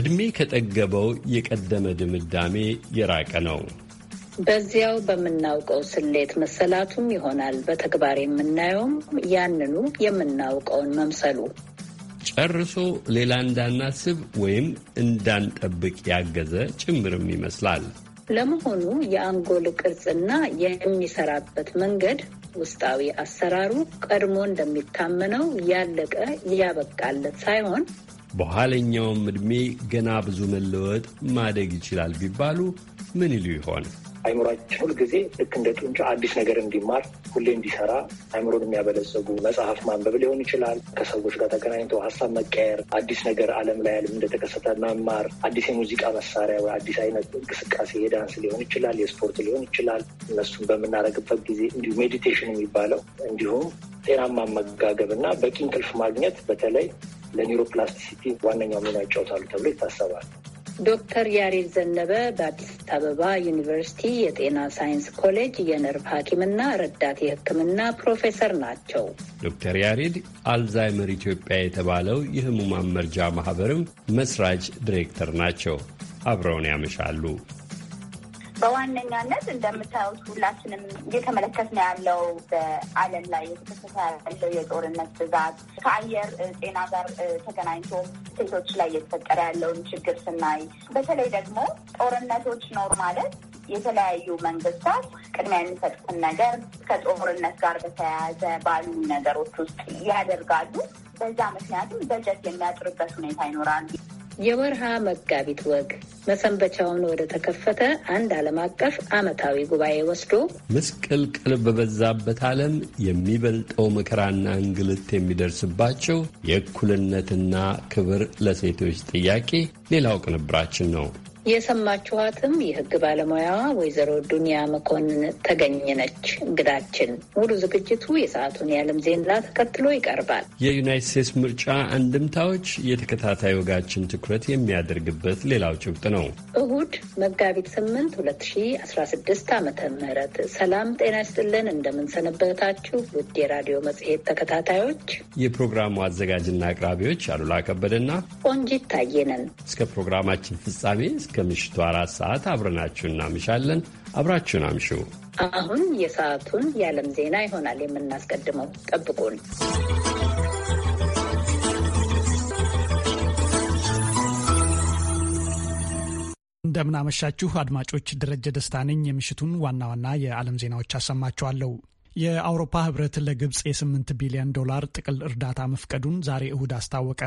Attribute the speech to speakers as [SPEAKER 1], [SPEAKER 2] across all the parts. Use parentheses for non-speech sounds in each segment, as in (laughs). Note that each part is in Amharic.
[SPEAKER 1] ዕድሜ ከጠገበው የቀደመ ድምዳሜ የራቀ ነው።
[SPEAKER 2] በዚያው በምናውቀው ስሌት መሰላቱም ይሆናል በተግባር የምናየውም ያንኑ የምናውቀውን መምሰሉ
[SPEAKER 1] ጨርሶ ሌላ እንዳናስብ ወይም እንዳንጠብቅ ያገዘ ጭምርም ይመስላል።
[SPEAKER 2] ለመሆኑ የአንጎል ቅርጽና የሚሰራበት መንገድ ውስጣዊ አሰራሩ ቀድሞ እንደሚታመነው ያለቀ ያበቃለት ሳይሆን
[SPEAKER 1] በኋለኛውም ዕድሜ ገና ብዙ መለወጥ ማደግ ይችላል ቢባሉ ምን ይሉ ይሆን?
[SPEAKER 3] አይምሯችን ሁልጊዜ ልክ እንደ ጡንቻ አዲስ ነገር እንዲማር ሁሌ እንዲሰራ አይምሮን የሚያበለጽጉ መጽሐፍ ማንበብ ሊሆን ይችላል። ከሰዎች ጋር ተገናኝቶ ሀሳብ መቀየር፣ አዲስ ነገር ዓለም ላይ ዓለም እንደተከሰተ መማር፣ አዲስ የሙዚቃ መሳሪያ ወይ አዲስ አይነት እንቅስቃሴ የዳንስ ሊሆን ይችላል፣ የስፖርት ሊሆን ይችላል። እነሱን በምናደርግበት ጊዜ እንዲሁ ሜዲቴሽን የሚባለው እንዲሁም ጤናማ መጋገብ እና በቂ እንቅልፍ ማግኘት በተለይ ለኒውሮፕላስቲሲቲ ዋነኛው ሚና ይጫወታሉ ተብሎ ይታሰባል።
[SPEAKER 2] ዶክተር ያሬድ ዘነበ በአዲስ አበባ ዩኒቨርሲቲ የጤና ሳይንስ ኮሌጅ የነርቭ ሐኪምና ረዳት የሕክምና ፕሮፌሰር ናቸው።
[SPEAKER 1] ዶክተር ያሬድ አልዛይመር ኢትዮጵያ የተባለው የህሙማን መርጃ ማህበርም መስራች ዲሬክተር ናቸው። አብረውን ያመሻሉ።
[SPEAKER 4] በዋነኛነት እንደምታዩት ሁላችንም ነው ያለው በዓለም ላይ የተከሰተ ያለው የጦርነት ብዛት ከአየር ጤና ጋር ተገናኝቶ ሴቶች ላይ እየተፈጠረ ያለውን ችግር ስናይ፣ በተለይ ደግሞ ጦርነቶች ኖር ማለት የተለያዩ መንግስታት ቅድሚያ የሚሰጡትን ነገር ከጦርነት ጋር በተያያዘ ባሉ ነገሮች ውስጥ ያደርጋሉ። በዛ ምክንያቱም በጀት የሚያጥርበት ሁኔታ ይኖራል።
[SPEAKER 2] የወርሃ መጋቢት ወግ መሰንበቻውን ወደ ተከፈተ አንድ ዓለም አቀፍ ዓመታዊ ጉባኤ ወስዶ
[SPEAKER 1] ምስቅልቅል በበዛበት ዓለም የሚበልጠው መከራና እንግልት የሚደርስባቸው የእኩልነትና ክብር ለሴቶች ጥያቄ ሌላው ቅንብራችን ነው።
[SPEAKER 2] የሰማችኋትም የህግ ባለሙያዋ ወይዘሮ ዱንያ መኮንን ነች እንግዳችን። ሙሉ ዝግጅቱ የሰዓቱን የዓለም ዜና ተከትሎ ይቀርባል።
[SPEAKER 1] የዩናይት ስቴትስ ምርጫ አንድምታዎች የተከታታይ ወጋችን ትኩረት የሚያደርግበት ሌላው ጭብጥ ነው።
[SPEAKER 2] እሁድ መጋቢት 8 2016 ዓ ም ሰላም ጤና ይስጥልን። እንደምንሰነበታችሁ ውድ የራዲዮ መጽሔት ተከታታዮች፣
[SPEAKER 1] የፕሮግራሙ አዘጋጅና አቅራቢዎች አሉላ ከበደና
[SPEAKER 2] ቆንጂት ታየነን
[SPEAKER 1] እስከ ፕሮግራማችን ፍጻሜ እስከ ምሽቱ አራት ሰዓት አብረናችሁ እናምሻለን። አብራችሁን አምሹ።
[SPEAKER 2] አሁን የሰዓቱን የዓለም ዜና ይሆናል የምናስቀድመው። ጠብቁን።
[SPEAKER 5] እንደምናመሻችሁ አድማጮች፣ ደረጀ ደስታ ነኝ። የምሽቱን ዋና ዋና የዓለም ዜናዎች አሰማችኋለሁ። የአውሮፓ ህብረት ለግብፅ የስምንት ቢሊዮን ዶላር ጥቅል እርዳታ መፍቀዱን ዛሬ እሁድ አስታወቀ።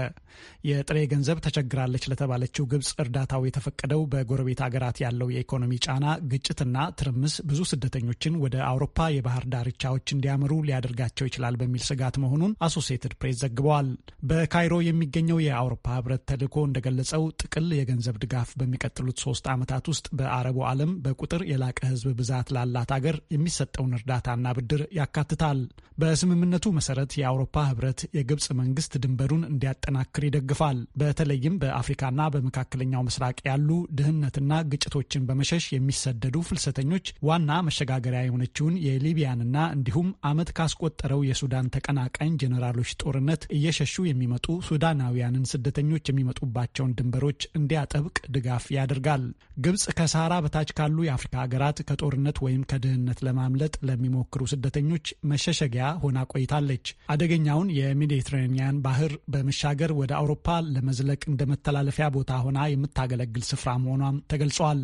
[SPEAKER 5] የጥሬ ገንዘብ ተቸግራለች ለተባለችው ግብፅ እርዳታው የተፈቀደው በጎረቤት አገራት ያለው የኢኮኖሚ ጫና፣ ግጭትና ትርምስ ብዙ ስደተኞችን ወደ አውሮፓ የባህር ዳርቻዎች እንዲያመሩ ሊያደርጋቸው ይችላል በሚል ስጋት መሆኑን አሶሲየትድ ፕሬስ ዘግበዋል። በካይሮ የሚገኘው የአውሮፓ ህብረት ተልዕኮ እንደገለጸው ጥቅል የገንዘብ ድጋፍ በሚቀጥሉት ሶስት ዓመታት ውስጥ በአረቡ ዓለም በቁጥር የላቀ ህዝብ ብዛት ላላት አገር የሚሰጠውን እርዳታና ብድር ድርድር ያካትታል። በስምምነቱ መሰረት የአውሮፓ ህብረት የግብፅ መንግስት ድንበሩን እንዲያጠናክር ይደግፋል። በተለይም በአፍሪካና በመካከለኛው ምስራቅ ያሉ ድህነትና ግጭቶችን በመሸሽ የሚሰደዱ ፍልሰተኞች ዋና መሸጋገሪያ የሆነችውን የሊቢያንና እንዲሁም ዓመት ካስቆጠረው የሱዳን ተቀናቃኝ ጀኔራሎች ጦርነት እየሸሹ የሚመጡ ሱዳናውያንን ስደተኞች የሚመጡባቸውን ድንበሮች እንዲያጠብቅ ድጋፍ ያደርጋል። ግብፅ ከሰሃራ በታች ካሉ የአፍሪካ ሀገራት ከጦርነት ወይም ከድህነት ለማምለጥ ለሚሞክሩ ስደተኞች መሸሸጊያ ሆና ቆይታለች። አደገኛውን የሜዲትሬኒያን ባህር በመሻገር ወደ አውሮፓ ለመዝለቅ እንደ መተላለፊያ ቦታ ሆና የምታገለግል ስፍራ መሆኗም ተገልጿል።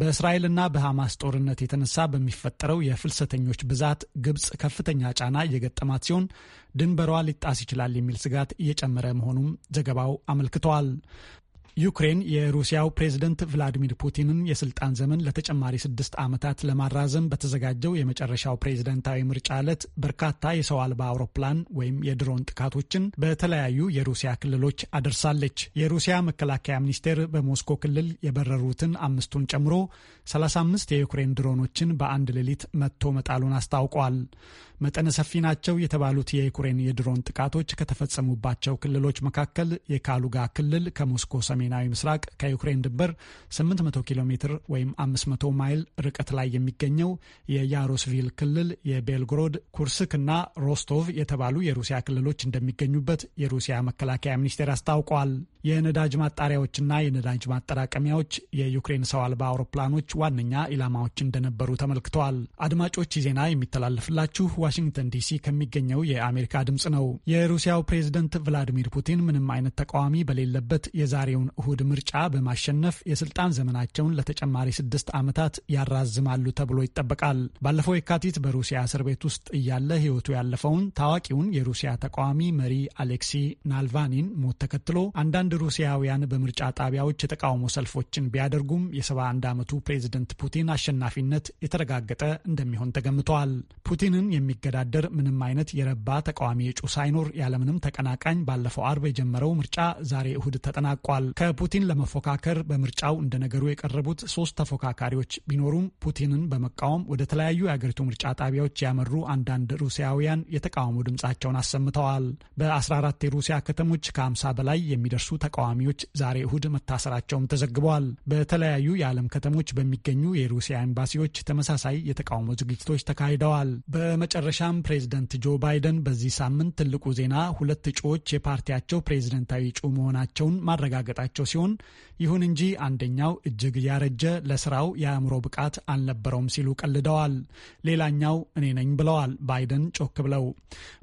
[SPEAKER 5] በእስራኤልና በሐማስ ጦርነት የተነሳ በሚፈጠረው የፍልሰተኞች ብዛት ግብፅ ከፍተኛ ጫና እየገጠማት ሲሆን ድንበሯ ሊጣስ ይችላል የሚል ስጋት እየጨመረ መሆኑም ዘገባው አመልክተዋል። ዩክሬን የሩሲያው ፕሬዝደንት ቭላዲሚር ፑቲንን የስልጣን ዘመን ለተጨማሪ ስድስት ዓመታት ለማራዘም በተዘጋጀው የመጨረሻው ፕሬዝደንታዊ ምርጫ ዕለት በርካታ የሰው አልባ አውሮፕላን ወይም የድሮን ጥቃቶችን በተለያዩ የሩሲያ ክልሎች አደርሳለች። የሩሲያ መከላከያ ሚኒስቴር በሞስኮ ክልል የበረሩትን አምስቱን ጨምሮ 35 የዩክሬን ድሮኖችን በአንድ ሌሊት መጥቶ መጣሉን አስታውቋል። መጠነ ሰፊ ናቸው የተባሉት የዩክሬን የድሮን ጥቃቶች ከተፈጸሙባቸው ክልሎች መካከል የካሉጋ ክልል ከሞስኮ ሰሜናዊ ምስራቅ ከዩክሬን ድንበር 800 ኪሎ ሜትር ወይም 500 ማይል ርቀት ላይ የሚገኘው የያሮስቪል ክልል፣ የቤልግሮድ ኩርስክ እና ሮስቶቭ የተባሉ የሩሲያ ክልሎች እንደሚገኙበት የሩሲያ መከላከያ ሚኒስቴር አስታውቋል። የነዳጅ ማጣሪያዎችና የነዳጅ ማጠራቀሚያዎች የዩክሬን ሰው አልባ አውሮፕላኖች ዋነኛ ኢላማዎች እንደነበሩ ተመልክተዋል። አድማጮች ዜና የሚተላለፍላችሁ ዋሽንግተን ዲሲ ከሚገኘው የአሜሪካ ድምፅ ነው። የሩሲያው ፕሬዝደንት ቭላዲሚር ፑቲን ምንም አይነት ተቃዋሚ በሌለበት የዛሬውን እሁድ ምርጫ በማሸነፍ የስልጣን ዘመናቸውን ለተጨማሪ ስድስት ዓመታት ያራዝማሉ ተብሎ ይጠበቃል። ባለፈው የካቲት በሩሲያ እስር ቤት ውስጥ እያለ ሕይወቱ ያለፈውን ታዋቂውን የሩሲያ ተቃዋሚ መሪ አሌክሲ ናልቫኒን ሞት ተከትሎ አንዳንድ ሩሲያውያን በምርጫ ጣቢያዎች የተቃውሞ ሰልፎችን ቢያደርጉም የ71 ዓመቱ ፕሬዝደንት ፕሬዚደንት ፑቲን አሸናፊነት የተረጋገጠ እንደሚሆን ተገምተዋል። ፑቲንን የሚገዳደር ምንም አይነት የረባ ተቃዋሚ እጩ ሳይኖር ያለምንም ተቀናቃኝ ባለፈው አርብ የጀመረው ምርጫ ዛሬ እሁድ ተጠናቋል። ከፑቲን ለመፎካከር በምርጫው እንደነገሩ የቀረቡት ሶስት ተፎካካሪዎች ቢኖሩም ፑቲንን በመቃወም ወደ ተለያዩ የአገሪቱ ምርጫ ጣቢያዎች ያመሩ አንዳንድ ሩሲያውያን የተቃውሞ ድምጻቸውን አሰምተዋል። በ14 የሩሲያ ከተሞች ከ50 በላይ የሚደርሱ ተቃዋሚዎች ዛሬ እሁድ መታሰራቸውም ተዘግበዋል። በተለያዩ የዓለም ከተሞች በሚ በሚገኙ የሩሲያ ኤምባሲዎች ተመሳሳይ የተቃውሞ ዝግጅቶች ተካሂደዋል። በመጨረሻም ፕሬዝደንት ጆ ባይደን በዚህ ሳምንት ትልቁ ዜና ሁለት እጩዎች የፓርቲያቸው ፕሬዝደንታዊ እጩ መሆናቸውን ማረጋገጣቸው ሲሆን ይሁን እንጂ አንደኛው እጅግ ያረጀ ለስራው የአእምሮ ብቃት አልነበረውም ሲሉ ቀልደዋል። ሌላኛው እኔ ነኝ ብለዋል ባይደን ጮክ ብለው።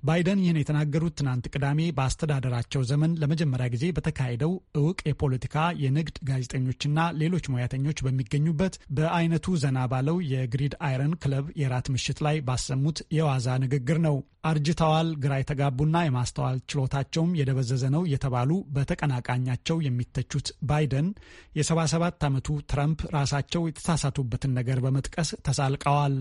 [SPEAKER 5] ባይደን ይህን የተናገሩት ትናንት ቅዳሜ በአስተዳደራቸው ዘመን ለመጀመሪያ ጊዜ በተካሄደው እውቅ የፖለቲካ የንግድ ጋዜጠኞችና ሌሎች ሙያተኞች በሚገኙበት በአይነቱ ዘና ባለው የግሪድ አይረን ክለብ የራት ምሽት ላይ ባሰሙት የዋዛ ንግግር ነው። አርጅተዋል፣ ግራ የተጋቡና የማስተዋል ችሎታቸውም የደበዘዘ ነው የተባሉ በተቀናቃኛቸው የሚተቹት ባይደን ግን የ ዓመቱ ትራምፕ ራሳቸው የተሳሳቱበትን ነገር በመጥቀስ ተሳልቀዋል።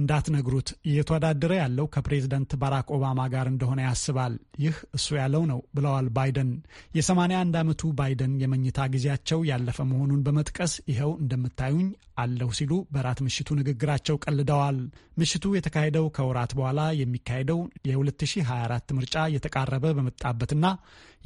[SPEAKER 5] እንዳትነግሩት እየተወዳደረ ያለው ከፕሬዝደንት ባራክ ኦባማ ጋር እንደሆነ ያስባል። ይህ እሱ ያለው ነው ብለዋል ባይደን። የ81 ዓመቱ ባይደን የመኝታ ጊዜያቸው ያለፈ መሆኑን በመጥቀስ ይኸው እንደምታዩኝ አለሁ ሲሉ በራት ምሽቱ ንግግራቸው ቀልደዋል። ምሽቱ የተካሄደው ከወራት በኋላ የሚካሄደው የ2024 ምርጫ እየተቃረበ በመጣበትና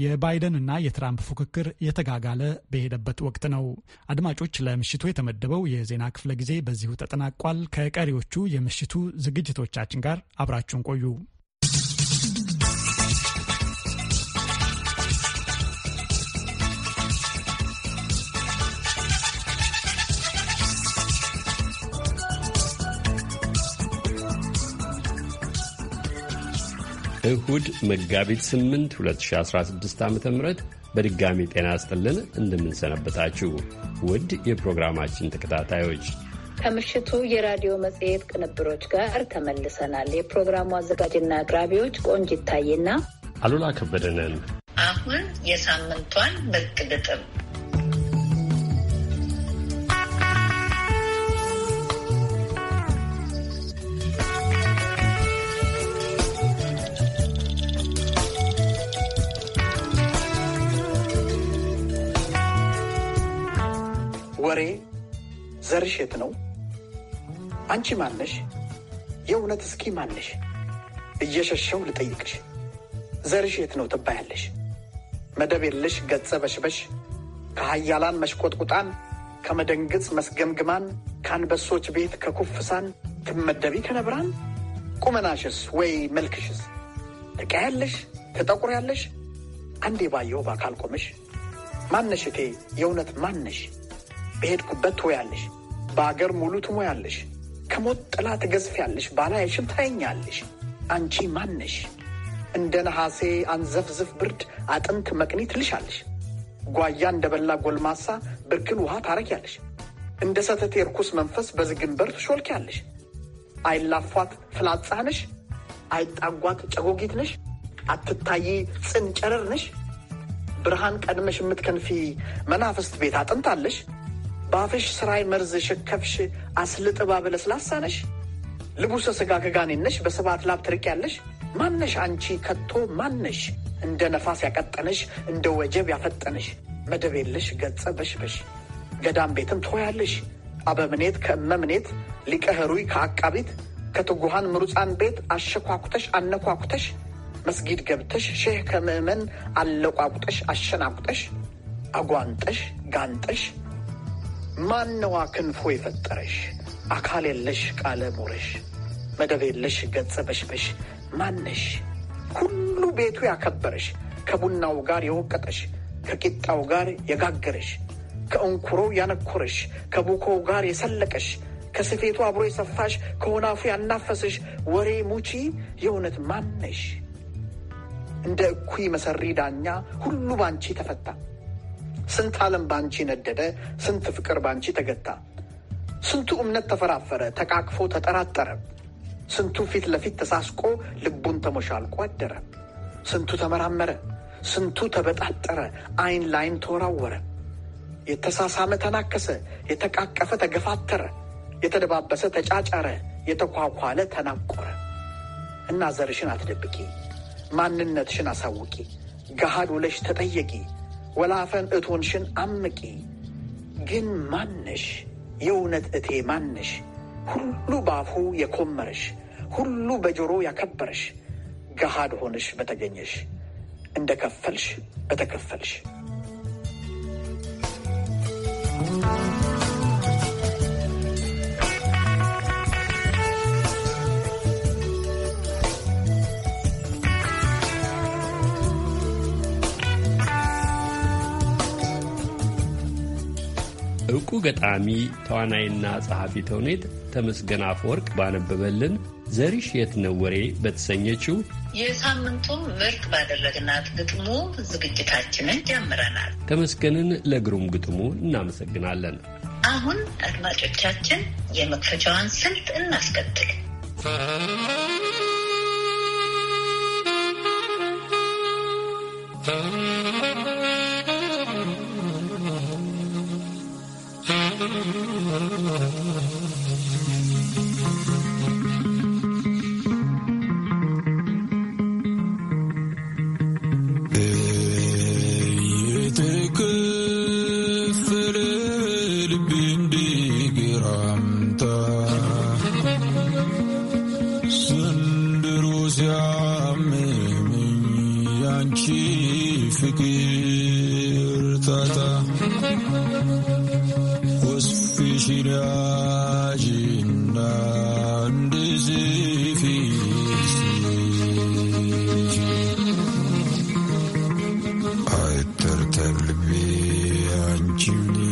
[SPEAKER 5] የባይደን እና የትራምፕ ፉክክር እየተጋጋለ በሄደበት ወቅት ነው። አድማጮች፣ ለምሽቱ የተመደበው የዜና ክፍለ ጊዜ በዚሁ ተጠናቋል። ከቀሪዎቹ የምሽቱ ዝግጅቶቻችን ጋር አብራችሁን ቆዩ።
[SPEAKER 1] እሁድ መጋቢት 8 2016 ዓ ም በድጋሚ ጤና ስጥልን፣ እንደምንሰነበታችሁ ውድ የፕሮግራማችን ተከታታዮች
[SPEAKER 2] ከምሽቱ የራዲዮ መጽሔት ቅንብሮች ጋር ተመልሰናል። የፕሮግራሙ አዘጋጅና አቅራቢዎች ቆንጅ ይታይና
[SPEAKER 1] አሉላ ከበደነን።
[SPEAKER 2] አሁን የሳምንቷን ብቅ ግጥም
[SPEAKER 6] ወሬ ዘርሽ የት ነው አንቺ ማነሽ? የእውነት እስኪ ማነሽ? እየሸሸው ልጠይቅሽ። ዘርሽ የት ነው ትባያለሽ። መደብ የለሽ ገጸ በሽበሽ ከሀያላን መሽቆጥቁጣን ከመደንግጽ መስገምግማን ከአንበሶች ቤት ከኩፍሳን ትመደቢ ከነብራን። ቁመናሽስ ወይ መልክሽስ ትቀያለሽ ትጠቁር ያለሽ አንዴ ባየው በአካል ቆመሽ ማነሽ እቴ የእውነት ማነሽ? በሄድኩበት ትወያለሽ፣ በአገር ሙሉ ትሞያለሽ። ከሞት ጥላ ትገዝፊያለሽ፣ ባላየሽም ታየኛለሽ። አንቺ ማነሽ? እንደ ነሐሴ አንዘፍዝፍ ብርድ አጥንት መቅኒ ትልሻለሽ። ጓያ እንደ በላ ጎልማሳ ብርክን ውሃ ታረጊያለሽ። እንደ ሰተቴ ርኩስ መንፈስ በዝግንበር ትሾልኪያለሽ። አይላፏት ፍላጻ ነሽ፣ አይጣጓት ጨጎጊት ነሽ፣ አትታይ ጽን ጨረር ነሽ። ብርሃን ቀድመሽ የምትከንፊ መናፍስት ቤት አጥንታለሽ። በአፍሽ ስራይ መርዝሽ ከፍሽ አስልጥባ በለስላሳ ነሽ ልቡሰ ስጋ ከጋኔነሽ በሰባት ላብ ትርቅ ያለሽ ማነሽ አንቺ ከቶ ማነሽ እንደ ነፋስ ያቀጠነሽ እንደ ወጀብ ያፈጠነሽ መደብ የለሽ ገጸ በሽበሽ ገዳም ቤትም ትሆያለሽ አበምኔት ከእመምኔት ሊቀህሩይ ከአቃቢት ከትጉሃን ምሩፃን ቤት አሸኳኩተሽ አነኳኩተሽ መስጊድ ገብተሽ ሼህ ከምእመን አለቋቁጠሽ አሸናቁጠሽ አጓንጠሽ ጋንጠሽ ማነዋ ክንፎ የፈጠረሽ አካል የለሽ ቃለ ሞረሽ መደብ የለሽ ገጸ በሽበሽ ማነሽ ሁሉ ቤቱ ያከበረሽ ከቡናው ጋር የወቀጠሽ ከቂጣው ጋር የጋገረሽ ከእንኩሮው ያነኮረሽ ከቡኮው ጋር የሰለቀሽ ከስፌቱ አብሮ የሰፋሽ ከወናፉ ያናፈስሽ ወሬ ሙቺ የእውነት ማነሽ እንደ እኩይ መሰሪ ዳኛ ሁሉ ባንቺ ተፈታ። ስንት ዓለም በአንቺ ነደደ፣ ስንት ፍቅር በአንቺ ተገታ። ስንቱ እምነት ተፈራፈረ፣ ተቃቅፎ ተጠራጠረ። ስንቱ ፊት ለፊት ተሳስቆ ልቡን ተሞሻልቆ አደረ። ስንቱ ተመራመረ፣ ስንቱ ተበጣጠረ፣ አይን ላይን ተወራወረ። የተሳሳመ ተናከሰ፣ የተቃቀፈ ተገፋተረ፣ የተደባበሰ ተጫጫረ፣ የተኳኳለ ተናቆረ። እና ዘርሽን አትደብቂ፣ ማንነትሽን አሳውቂ፣ ገሃድ ውለሽ ተጠየቂ ወላፈን እቶንሽን አምቂ ግን ማነሽ? የእውነት እቴ ማነሽ? ሁሉ ባፉ የኮመረሽ ሁሉ በጆሮ ያከበረሽ ገሃድ ሆነሽ በተገኘሽ እንደ ከፈልሽ በተከፈልሽ
[SPEAKER 1] እውቁ ገጣሚ ተዋናይና ጸሐፊ ተውኔት ተመስገን አፈወርቅ ባነበበልን ዘሪሽ የት ነው ወሬ በተሰኘችው
[SPEAKER 2] የሳምንቱ ምርጥ ባደረግናት ግጥሙ ዝግጅታችንን ጀምረናል።
[SPEAKER 1] ተመስገንን ለግሩም ግጥሙ እናመሰግናለን።
[SPEAKER 2] አሁን አድማጮቻችን የመክፈቻዋን ስልት እናስከትል።
[SPEAKER 7] Oh (laughs) June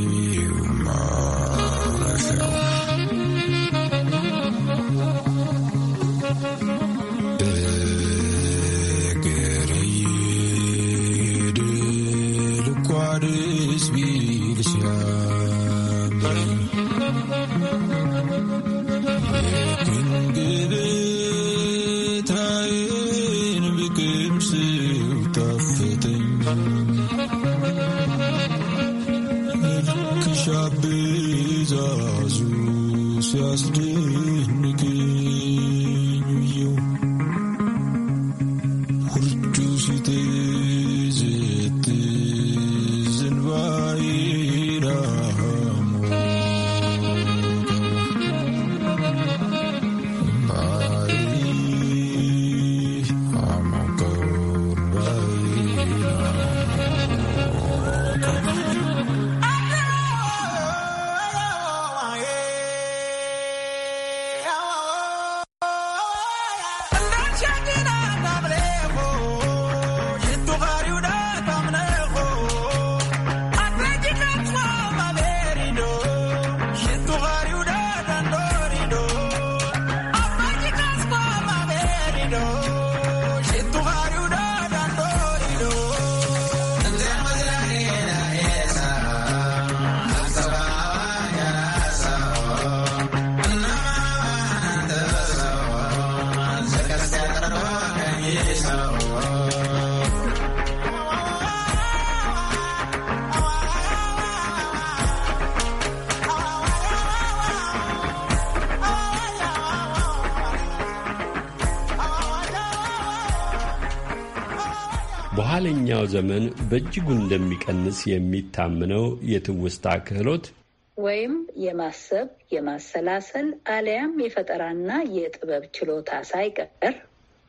[SPEAKER 1] በኋለኛው ዘመን በእጅጉ እንደሚቀንስ የሚታምነው የትውስታ ክህሎት
[SPEAKER 2] ወይም የማሰብ የማሰላሰል አለያም የፈጠራና የጥበብ ችሎታ ሳይቀር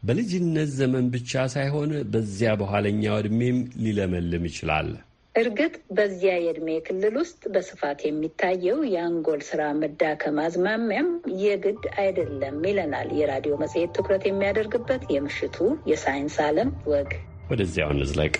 [SPEAKER 1] በልጅነት ዘመን ብቻ ሳይሆን በዚያ በኋለኛው ዕድሜም
[SPEAKER 2] ሊለመልም ይችላል። እርግጥ በዚያ የዕድሜ ክልል ውስጥ በስፋት የሚታየው የአንጎል ስራ መዳከም አዝማሚያም የግድ አይደለም ይለናል የራዲዮ መጽሔት ትኩረት የሚያደርግበት የምሽቱ የሳይንስ ዓለም ወግ
[SPEAKER 1] ወደዚያው እንዝለቅ።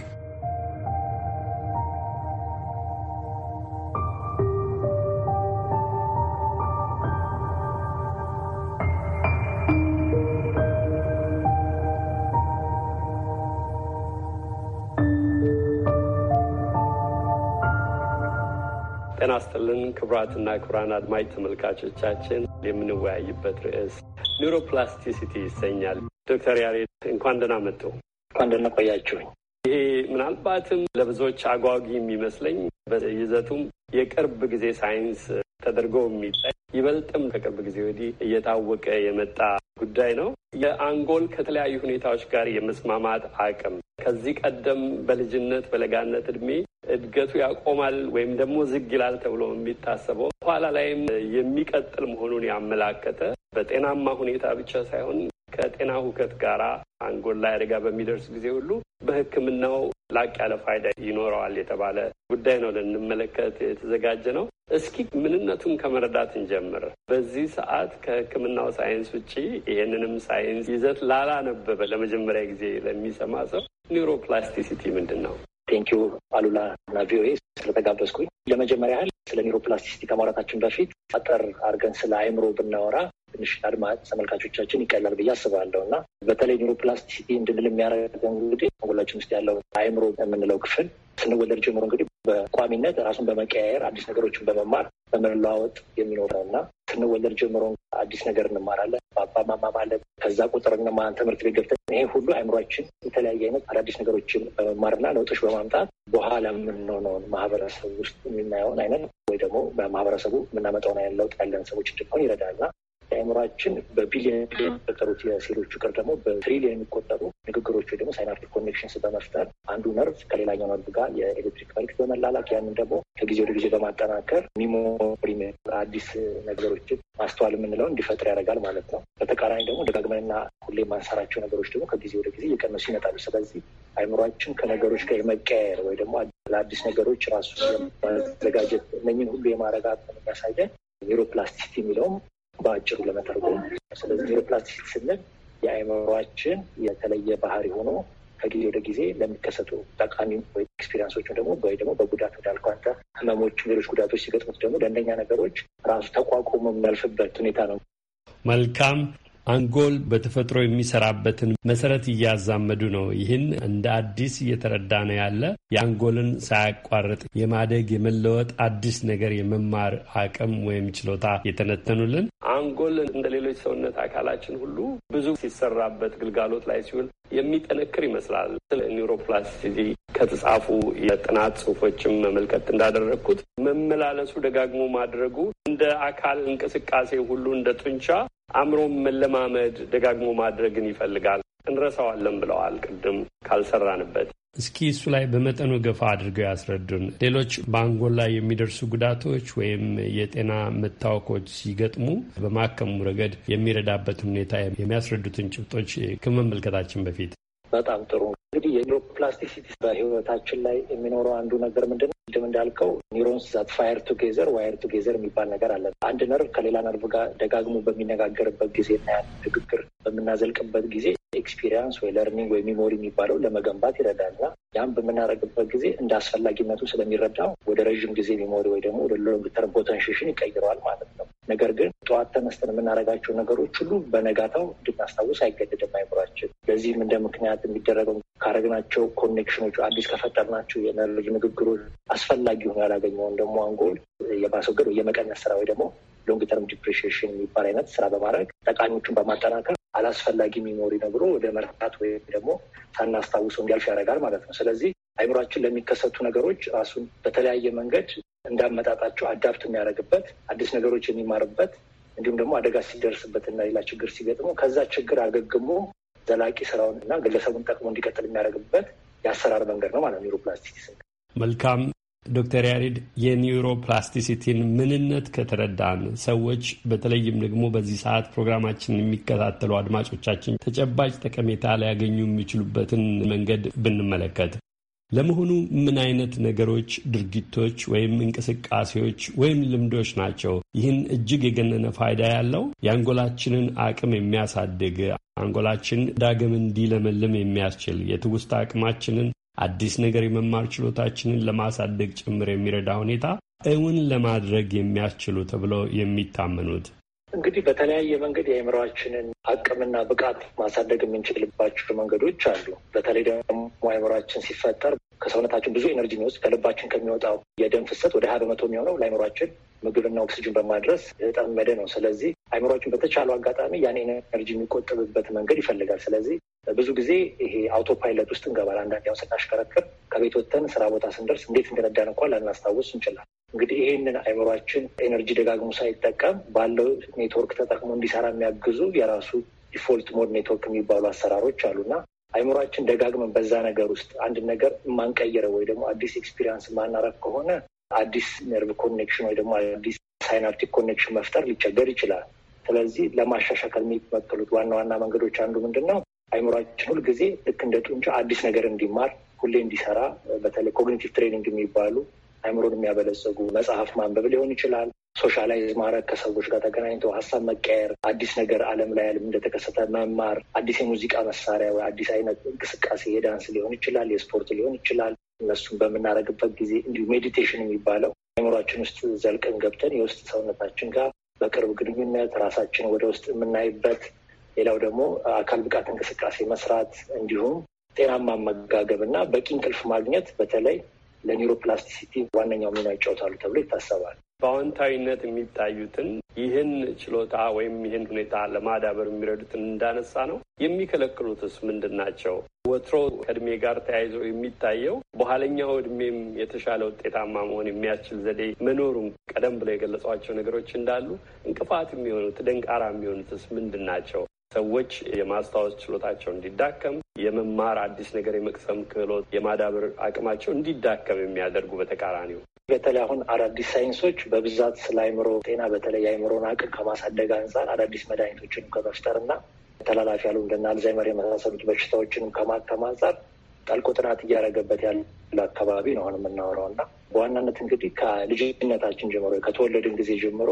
[SPEAKER 1] ጤና ይስጥልን ክቡራትና ክቡራን አድማጭ ተመልካቾቻችን፣ የምንወያይበት ርዕስ ኒውሮፕላስቲሲቲ ይሰኛል። ዶክተር ያሬድ እንኳን ደህና መጡ። እንኳን ደህና ቆያችሁኝ። ይሄ ምናልባትም ለብዙዎች አጓጊ የሚመስለኝ በይዘቱም የቅርብ ጊዜ ሳይንስ ተደርጎ የሚታይ ይበልጥም ከቅርብ ጊዜ ወዲህ እየታወቀ የመጣ ጉዳይ ነው። የአንጎል ከተለያዩ ሁኔታዎች ጋር የመስማማት አቅም ከዚህ ቀደም በልጅነት በለጋነት እድሜ እድገቱ ያቆማል ወይም ደግሞ ዝግ ይላል ተብሎ የሚታሰበው ኋላ ላይም የሚቀጥል መሆኑን ያመላከተ በጤናማ ሁኔታ ብቻ ሳይሆን ከጤና ሁከት ጋራ አንጎል ላይ አደጋ በሚደርስ ጊዜ ሁሉ በሕክምናው ላቅ ያለ ፋይዳ ይኖረዋል የተባለ ጉዳይ ነው ልንመለከት የተዘጋጀ ነው። እስኪ ምንነቱን ከመረዳት እንጀምር። በዚህ ሰዓት ከሕክምናው ሳይንስ ውጪ ይህንንም ሳይንስ ይዘት ላላነበበ ለመጀመሪያ ጊዜ ለሚሰማ ሰው ኒውሮፕላስቲሲቲ ምንድን ነው? ቴንኪዩ አሉላ እና ቪኦኤ ስለተጋበዝኩኝ። ለመጀመሪያ ያህል ስለ ኒውሮፕላስቲሲቲ
[SPEAKER 3] ከማውራታችን በፊት አጠር አድርገን ስለ አይምሮ ብናወራ ትንሽ አድማጭ ተመልካቾቻችን ይቀላል ብዬ አስባለሁ እና በተለይ ኒውሮፕላስቲሲቲ እንድንል የሚያደርገው እንግዲህ አንጎላችን ውስጥ ያለው አእምሮ የምንለው ክፍል ስንወለድ ጀምሮ እንግዲህ በቋሚነት ራሱን በመቀያየር አዲስ ነገሮችን በመማር በመለዋወጥ የሚኖር ነው እና ስንወለድ ጀምሮ አዲስ ነገር እንማራለን። በአባ ማማ ማለት ከዛ ቁጥር እነማ ትምህርት ቤት ገብተን ይሄ ሁሉ አእምሯችን የተለያየ አይነት አዳዲስ ነገሮችን በመማርና ለውጦች በማምጣት በኋላ የምንሆነውን ማህበረሰብ ውስጥ የምናየውን አይነት ወይ ደግሞ በማህበረሰቡ የምናመጣውን አይነት ለውጥ ያለን ሰዎች እንድንሆን ይረዳልና የአእምሯችን በቢሊዮን የሚቆጠሩት የሴሎቹ ቅር ደግሞ በትሪሊዮን የሚቆጠሩ ንግግሮች ደግሞ ሳይናፕቲክ ኮኔክሽንስ በመፍጠር አንዱ ነርቭ ከሌላኛው ነርቭ ጋር የኤሌክትሪክ መልክት በመላላክ ያንን ደግሞ ከጊዜ ወደ ጊዜ በማጠናከር ሚሞሪ አዲስ ነገሮችን ማስተዋል የምንለው እንዲፈጥር ያደርጋል ማለት ነው። በተቃራኒ ደግሞ ደጋግመንና ሁሌ ማንሰራቸው ነገሮች ደግሞ ከጊዜ ወደ ጊዜ እየቀነሱ ይመጣሉ። ስለዚህ አእምሯችን ከነገሮች ጋር የመቀያየር ወይ ደግሞ ለአዲስ ነገሮች ራሱ መዘጋጀት እነኝን ሁሉ የማረጋት የሚያሳየን ኒውሮፕላስቲሲቲ የሚለውም በአጭሩ ለመተርጎም። ስለዚህ ኒውሮፕላስቲሲቲ ስንል የአእምሯችን የተለየ ባህሪ ሆኖ ከጊዜ ወደ ጊዜ ለሚከሰቱ ጠቃሚ ኤክስፒሪንሶች ደግሞ ወይ ደግሞ በጉዳት እንዳልኩህ አንተ ህመሞች፣ ሌሎች ጉዳቶች ሲገጥሙት ደግሞ ለእንደኛ ነገሮች ራሱ ተቋቁሞ የሚያልፍበት ሁኔታ ነው።
[SPEAKER 1] መልካም አንጎል በተፈጥሮ የሚሰራበትን መሰረት እያዛመዱ ነው። ይህን እንደ አዲስ እየተረዳ ነው ያለ የአንጎልን ሳያቋርጥ የማደግ የመለወጥ አዲስ ነገር የመማር አቅም ወይም ችሎታ የተነተኑልን አንጎል እንደ ሌሎች ሰውነት አካላችን ሁሉ ብዙ ሲሰራበት ግልጋሎት ላይ ሲውል የሚጠነክር ይመስላል። ስለ ኒውሮፕላስቲሲቲ ከተጻፉ የጥናት ጽሁፎችም መመልከት እንዳደረግኩት መመላለሱ ደጋግሞ ማድረጉ እንደ አካል እንቅስቃሴ ሁሉ እንደ ጡንቻ አእምሮም መለማመድ ደጋግሞ ማድረግን ይፈልጋል። እንረሳዋለን ብለዋል ቅድም ካልሰራንበት። እስኪ እሱ ላይ በመጠኑ ገፋ አድርገው ያስረዱን። ሌሎች በአንጎል ላይ የሚደርሱ ጉዳቶች ወይም የጤና መታወኮች ሲገጥሙ በማከሙ ረገድ የሚረዳበትን ሁኔታ የሚያስረዱትን ጭብጦች ከመመልከታችን በፊት
[SPEAKER 3] በጣም ጥሩ እንግዲህ የኒውሮፕላስቲሲቲ በህይወታችን ላይ የሚኖረው አንዱ ነገር ምንድን ነው? ቅድም እንዳልከው ኒውሮንስ ዛት ፋየር ቱጌዘር ዋየር ቱጌዘር የሚባል ነገር አለ። አንድ ነርቭ ከሌላ ነርቭ ጋር ደጋግሞ በሚነጋገርበት ጊዜ እና ያን ንግግር በምናዘልቅበት ጊዜ ኤክስፒሪንስ ወይ ለርኒንግ ወይ ሚሞሪ የሚባለው ለመገንባት ይረዳል እና ያም በምናደርግበት ጊዜ እንደ አስፈላጊነቱ ስለሚረዳው ወደ ረዥም ጊዜ ሚሞሪ ወይ ደግሞ ወደ ሎንግ ተርም ፖተንሽሽን ይቀይረዋል ማለት ነው። ነገር ግን ጠዋት ተነስተን የምናደርጋቸው ነገሮች ሁሉ በነጋታው እንድናስታውስ አይገደድም አይምሯችን። ለዚህም እንደ ምክንያት የሚደረገው ካረግናቸው ኮኔክሽኖች አዲስ ከፈጠርናቸው የነርጅ ንግግሮች አስፈላጊ ሆኖ ያላገኘውን ደግሞ አንጎል የማስወገድ ወይ የመቀነስ ስራ ወይ ደግሞ ሎንግ ተርም ዲፕሬሽን የሚባል አይነት ስራ በማድረግ ጠቃሚዎቹን በማጠናከር አላስፈላጊ ሚሞሪ ነግሮ ወደ መርታት ወይም ደግሞ ሳናስታውሰው እንዲያልፍ ያደርጋል ማለት ነው። ስለዚህ አይምሯችን ለሚከሰቱ ነገሮች ራሱን በተለያየ መንገድ እንዳመጣጣቸው አዳፕት የሚያደርግበት አዲስ ነገሮች የሚማርበት እንዲሁም ደግሞ አደጋ ሲደርስበት እና ሌላ ችግር ሲገጥሞ ከዛ ችግር አገግሞ ዘላቂ ስራውን እና ግለሰቡን ጠቅሞ እንዲቀጥል የሚያደርግበት የአሰራር መንገድ ነው ማለት ነው
[SPEAKER 1] መልካም ዶክተር ያሬድ የኒውሮፕላስቲሲቲን ምንነት ከተረዳን ሰዎች በተለይም ደግሞ በዚህ ሰዓት ፕሮግራማችን የሚከታተሉ አድማጮቻችን ተጨባጭ ጠቀሜታ ሊያገኙ የሚችሉበትን መንገድ ብንመለከት ለመሆኑ ምን አይነት ነገሮች፣ ድርጊቶች ወይም እንቅስቃሴዎች ወይም ልምዶች ናቸው ይህን እጅግ የገነነ ፋይዳ ያለው የአንጎላችንን አቅም የሚያሳድግ አንጎላችን ዳግም እንዲለመልም የሚያስችል የትውስታ አቅማችንን አዲስ ነገር የመማር ችሎታችንን ለማሳደግ ጭምር የሚረዳ ሁኔታ እውን ለማድረግ የሚያስችሉ ተብለው የሚታመኑት
[SPEAKER 3] እንግዲህ በተለያየ መንገድ የአእምሮአችንን አቅምና ብቃት ማሳደግ የምንችልባቸው መንገዶች አሉ። በተለይ ደግሞ አይምሯችን ሲፈጠር ከሰውነታችን ብዙ ኤነርጂ የሚወስድ ከልባችን ከሚወጣው የደም ፍሰት ወደ ሀያ በመቶ የሚሆነው ለአይምሯችን ምግብና ኦክሲጅን በማድረስ የተጠመደ ነው። ስለዚህ አይምሯችን በተቻለው አጋጣሚ ያን ኤነርጂ የሚቆጠብበት መንገድ ይፈልጋል። ስለዚህ ብዙ ጊዜ ይሄ አውቶ ፓይለት ውስጥ እንገባል። አንዳንድ ያው ስናሽከረክር ከቤት ወጥተን ስራ ቦታ ስንደርስ እንዴት እንደነዳን እንኳን ላናስታውስ እንችላል። እንግዲህ ይህንን አይምሯችን ኤነርጂ ደጋግሞ ሳይጠቀም ባለው ኔትወርክ ተጠቅሞ እንዲሰራ የሚያግዙ የራሱ ዲፎልት ሞድ ኔትወርክ የሚባሉ አሰራሮች አሉና አይምሯችን ደጋግመን በዛ ነገር ውስጥ አንድ ነገር የማንቀይረው ወይ ደግሞ አዲስ ኤክስፒሪንስ የማናረግ ከሆነ አዲስ ነርቭ ኮኔክሽን ወይ ደግሞ አዲስ ሳይናፕቲክ ኮኔክሽን መፍጠር ሊቸገር ይችላል። ስለዚህ ለማሻሻከል የሚመከሉት ዋና ዋና መንገዶች አንዱ ምንድን ነው? አይምሯችን ሁልጊዜ ልክ እንደ ጡንቻ አዲስ ነገር እንዲማር ሁሌ እንዲሰራ፣ በተለይ ኮግኒቲቭ ትሬኒንግ የሚባሉ አይምሮን የሚያበለጽጉ መጽሐፍ ማንበብ ሊሆን ይችላል። ሶሻላይዝ ማድረግ ከሰዎች ጋር ተገናኝቶ ሀሳብ መቀየር፣ አዲስ ነገር ዓለም ላይ ዓለም እንደተከሰተ መማር፣ አዲስ የሙዚቃ መሳሪያ ወይ አዲስ አይነት እንቅስቃሴ የዳንስ ሊሆን ይችላል፣ የስፖርት ሊሆን ይችላል። እነሱን በምናደርግበት ጊዜ እንዲሁ ሜዲቴሽን የሚባለው አይምሯችን ውስጥ ዘልቀን ገብተን የውስጥ ሰውነታችን ጋር በቅርብ ግንኙነት ራሳችን ወደ ውስጥ የምናይበት፣ ሌላው ደግሞ አካል ብቃት እንቅስቃሴ መስራት እንዲሁም ጤናማ አመጋገብ እና በቂ እንቅልፍ ማግኘት በተለይ ለኒውሮፕላስቲሲቲ ዋነኛው ሚና ይጫወታሉ ተብሎ ይታሰባል።
[SPEAKER 1] በአዎንታዊነት የሚታዩትን ይህን ችሎታ ወይም ይህን ሁኔታ ለማዳበር የሚረዱትን እንዳነሳ ነው። የሚከለክሉትስ ምንድን ናቸው? ወትሮ ከእድሜ ጋር ተያይዞ የሚታየው በኋለኛው እድሜም የተሻለ ውጤታማ መሆን የሚያስችል ዘዴ መኖሩም ቀደም ብለው የገለጿቸው ነገሮች እንዳሉ እንቅፋት የሚሆኑት ደንቃራ የሚሆኑትስ ምንድን ናቸው? ሰዎች የማስታወስ ችሎታቸው እንዲዳከም የመማር አዲስ ነገር የመቅሰም ክህሎት የማዳበር አቅማቸው እንዲዳከም የሚያደርጉ በተቃራኒው በተለይ አሁን አዳዲስ ሳይንሶች በብዛት ስለ አይምሮ
[SPEAKER 3] ጤና በተለይ የአይምሮን አቅም ከማሳደግ አንጻር አዳዲስ መድኃኒቶችንም ከመፍጠር እና ተላላፊ ያሉ እንደና አልዛይመር የመሳሰሉት በሽታዎችንም ከማከም አንጻር ጠልቆ ጥናት እያደረገበት ያለ አካባቢ ነው አሁን የምናወራው እና በዋናነት እንግዲህ ከልጅነታችን ጀምሮ ከተወለድን ጊዜ ጀምሮ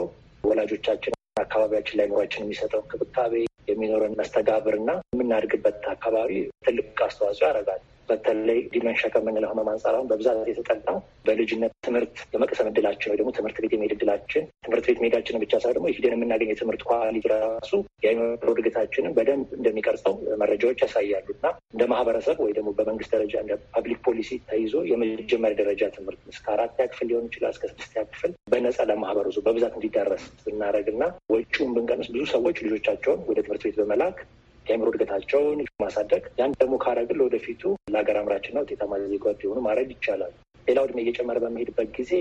[SPEAKER 3] ወላጆቻችን አካባቢያችን ላይ ኑሯችን የሚሰጠው እንክብካቤ የሚኖረን መስተጋብርና የምናድግበት አካባቢ ትልቅ አስተዋጽኦ ያደርጋል። በተለይ ዲመንሻ ከምንለው ህመም አንጻር አሁን በብዛት የተጠናው በልጅነት ትምህርት የመቅሰም እድላችን ወይ ደግሞ ትምህርት ቤት የመሄድ እድላችን ትምህርት ቤት መሄዳችንን ብቻ ሳይሆን ደግሞ ሂደን የምናገኝ የትምህርት ኳሊቲ ራሱ የአእምሮ እድገታችንን በደንብ እንደሚቀርጸው መረጃዎች ያሳያሉ እና እንደ ማህበረሰብ ወይ ደግሞ በመንግስት ደረጃ እንደ ፐብሊክ ፖሊሲ ተይዞ የመጀመሪያ ደረጃ ትምህርት እስከ አራት ያክፍል ሊሆን ይችላል እስከ ስድስት ያክፍል በነፃ ለማህበረሰቡ በብዛት እንዲደረስ ብናደረግ እና ወጪውን ብንቀንስ ብዙ ሰዎች ልጆቻቸውን ወደ ትምህርት ቤት በመላክ የአእምሮ እድገታቸውን ማሳደግ፣ ያን ደግሞ ካረግን ለወደፊቱ ለሀገር አምራችና ውጤታማ ዜጎች የሆኑ ማድረግ ይቻላል። ሌላው እድሜ እየጨመረ በሚሄድበት ጊዜ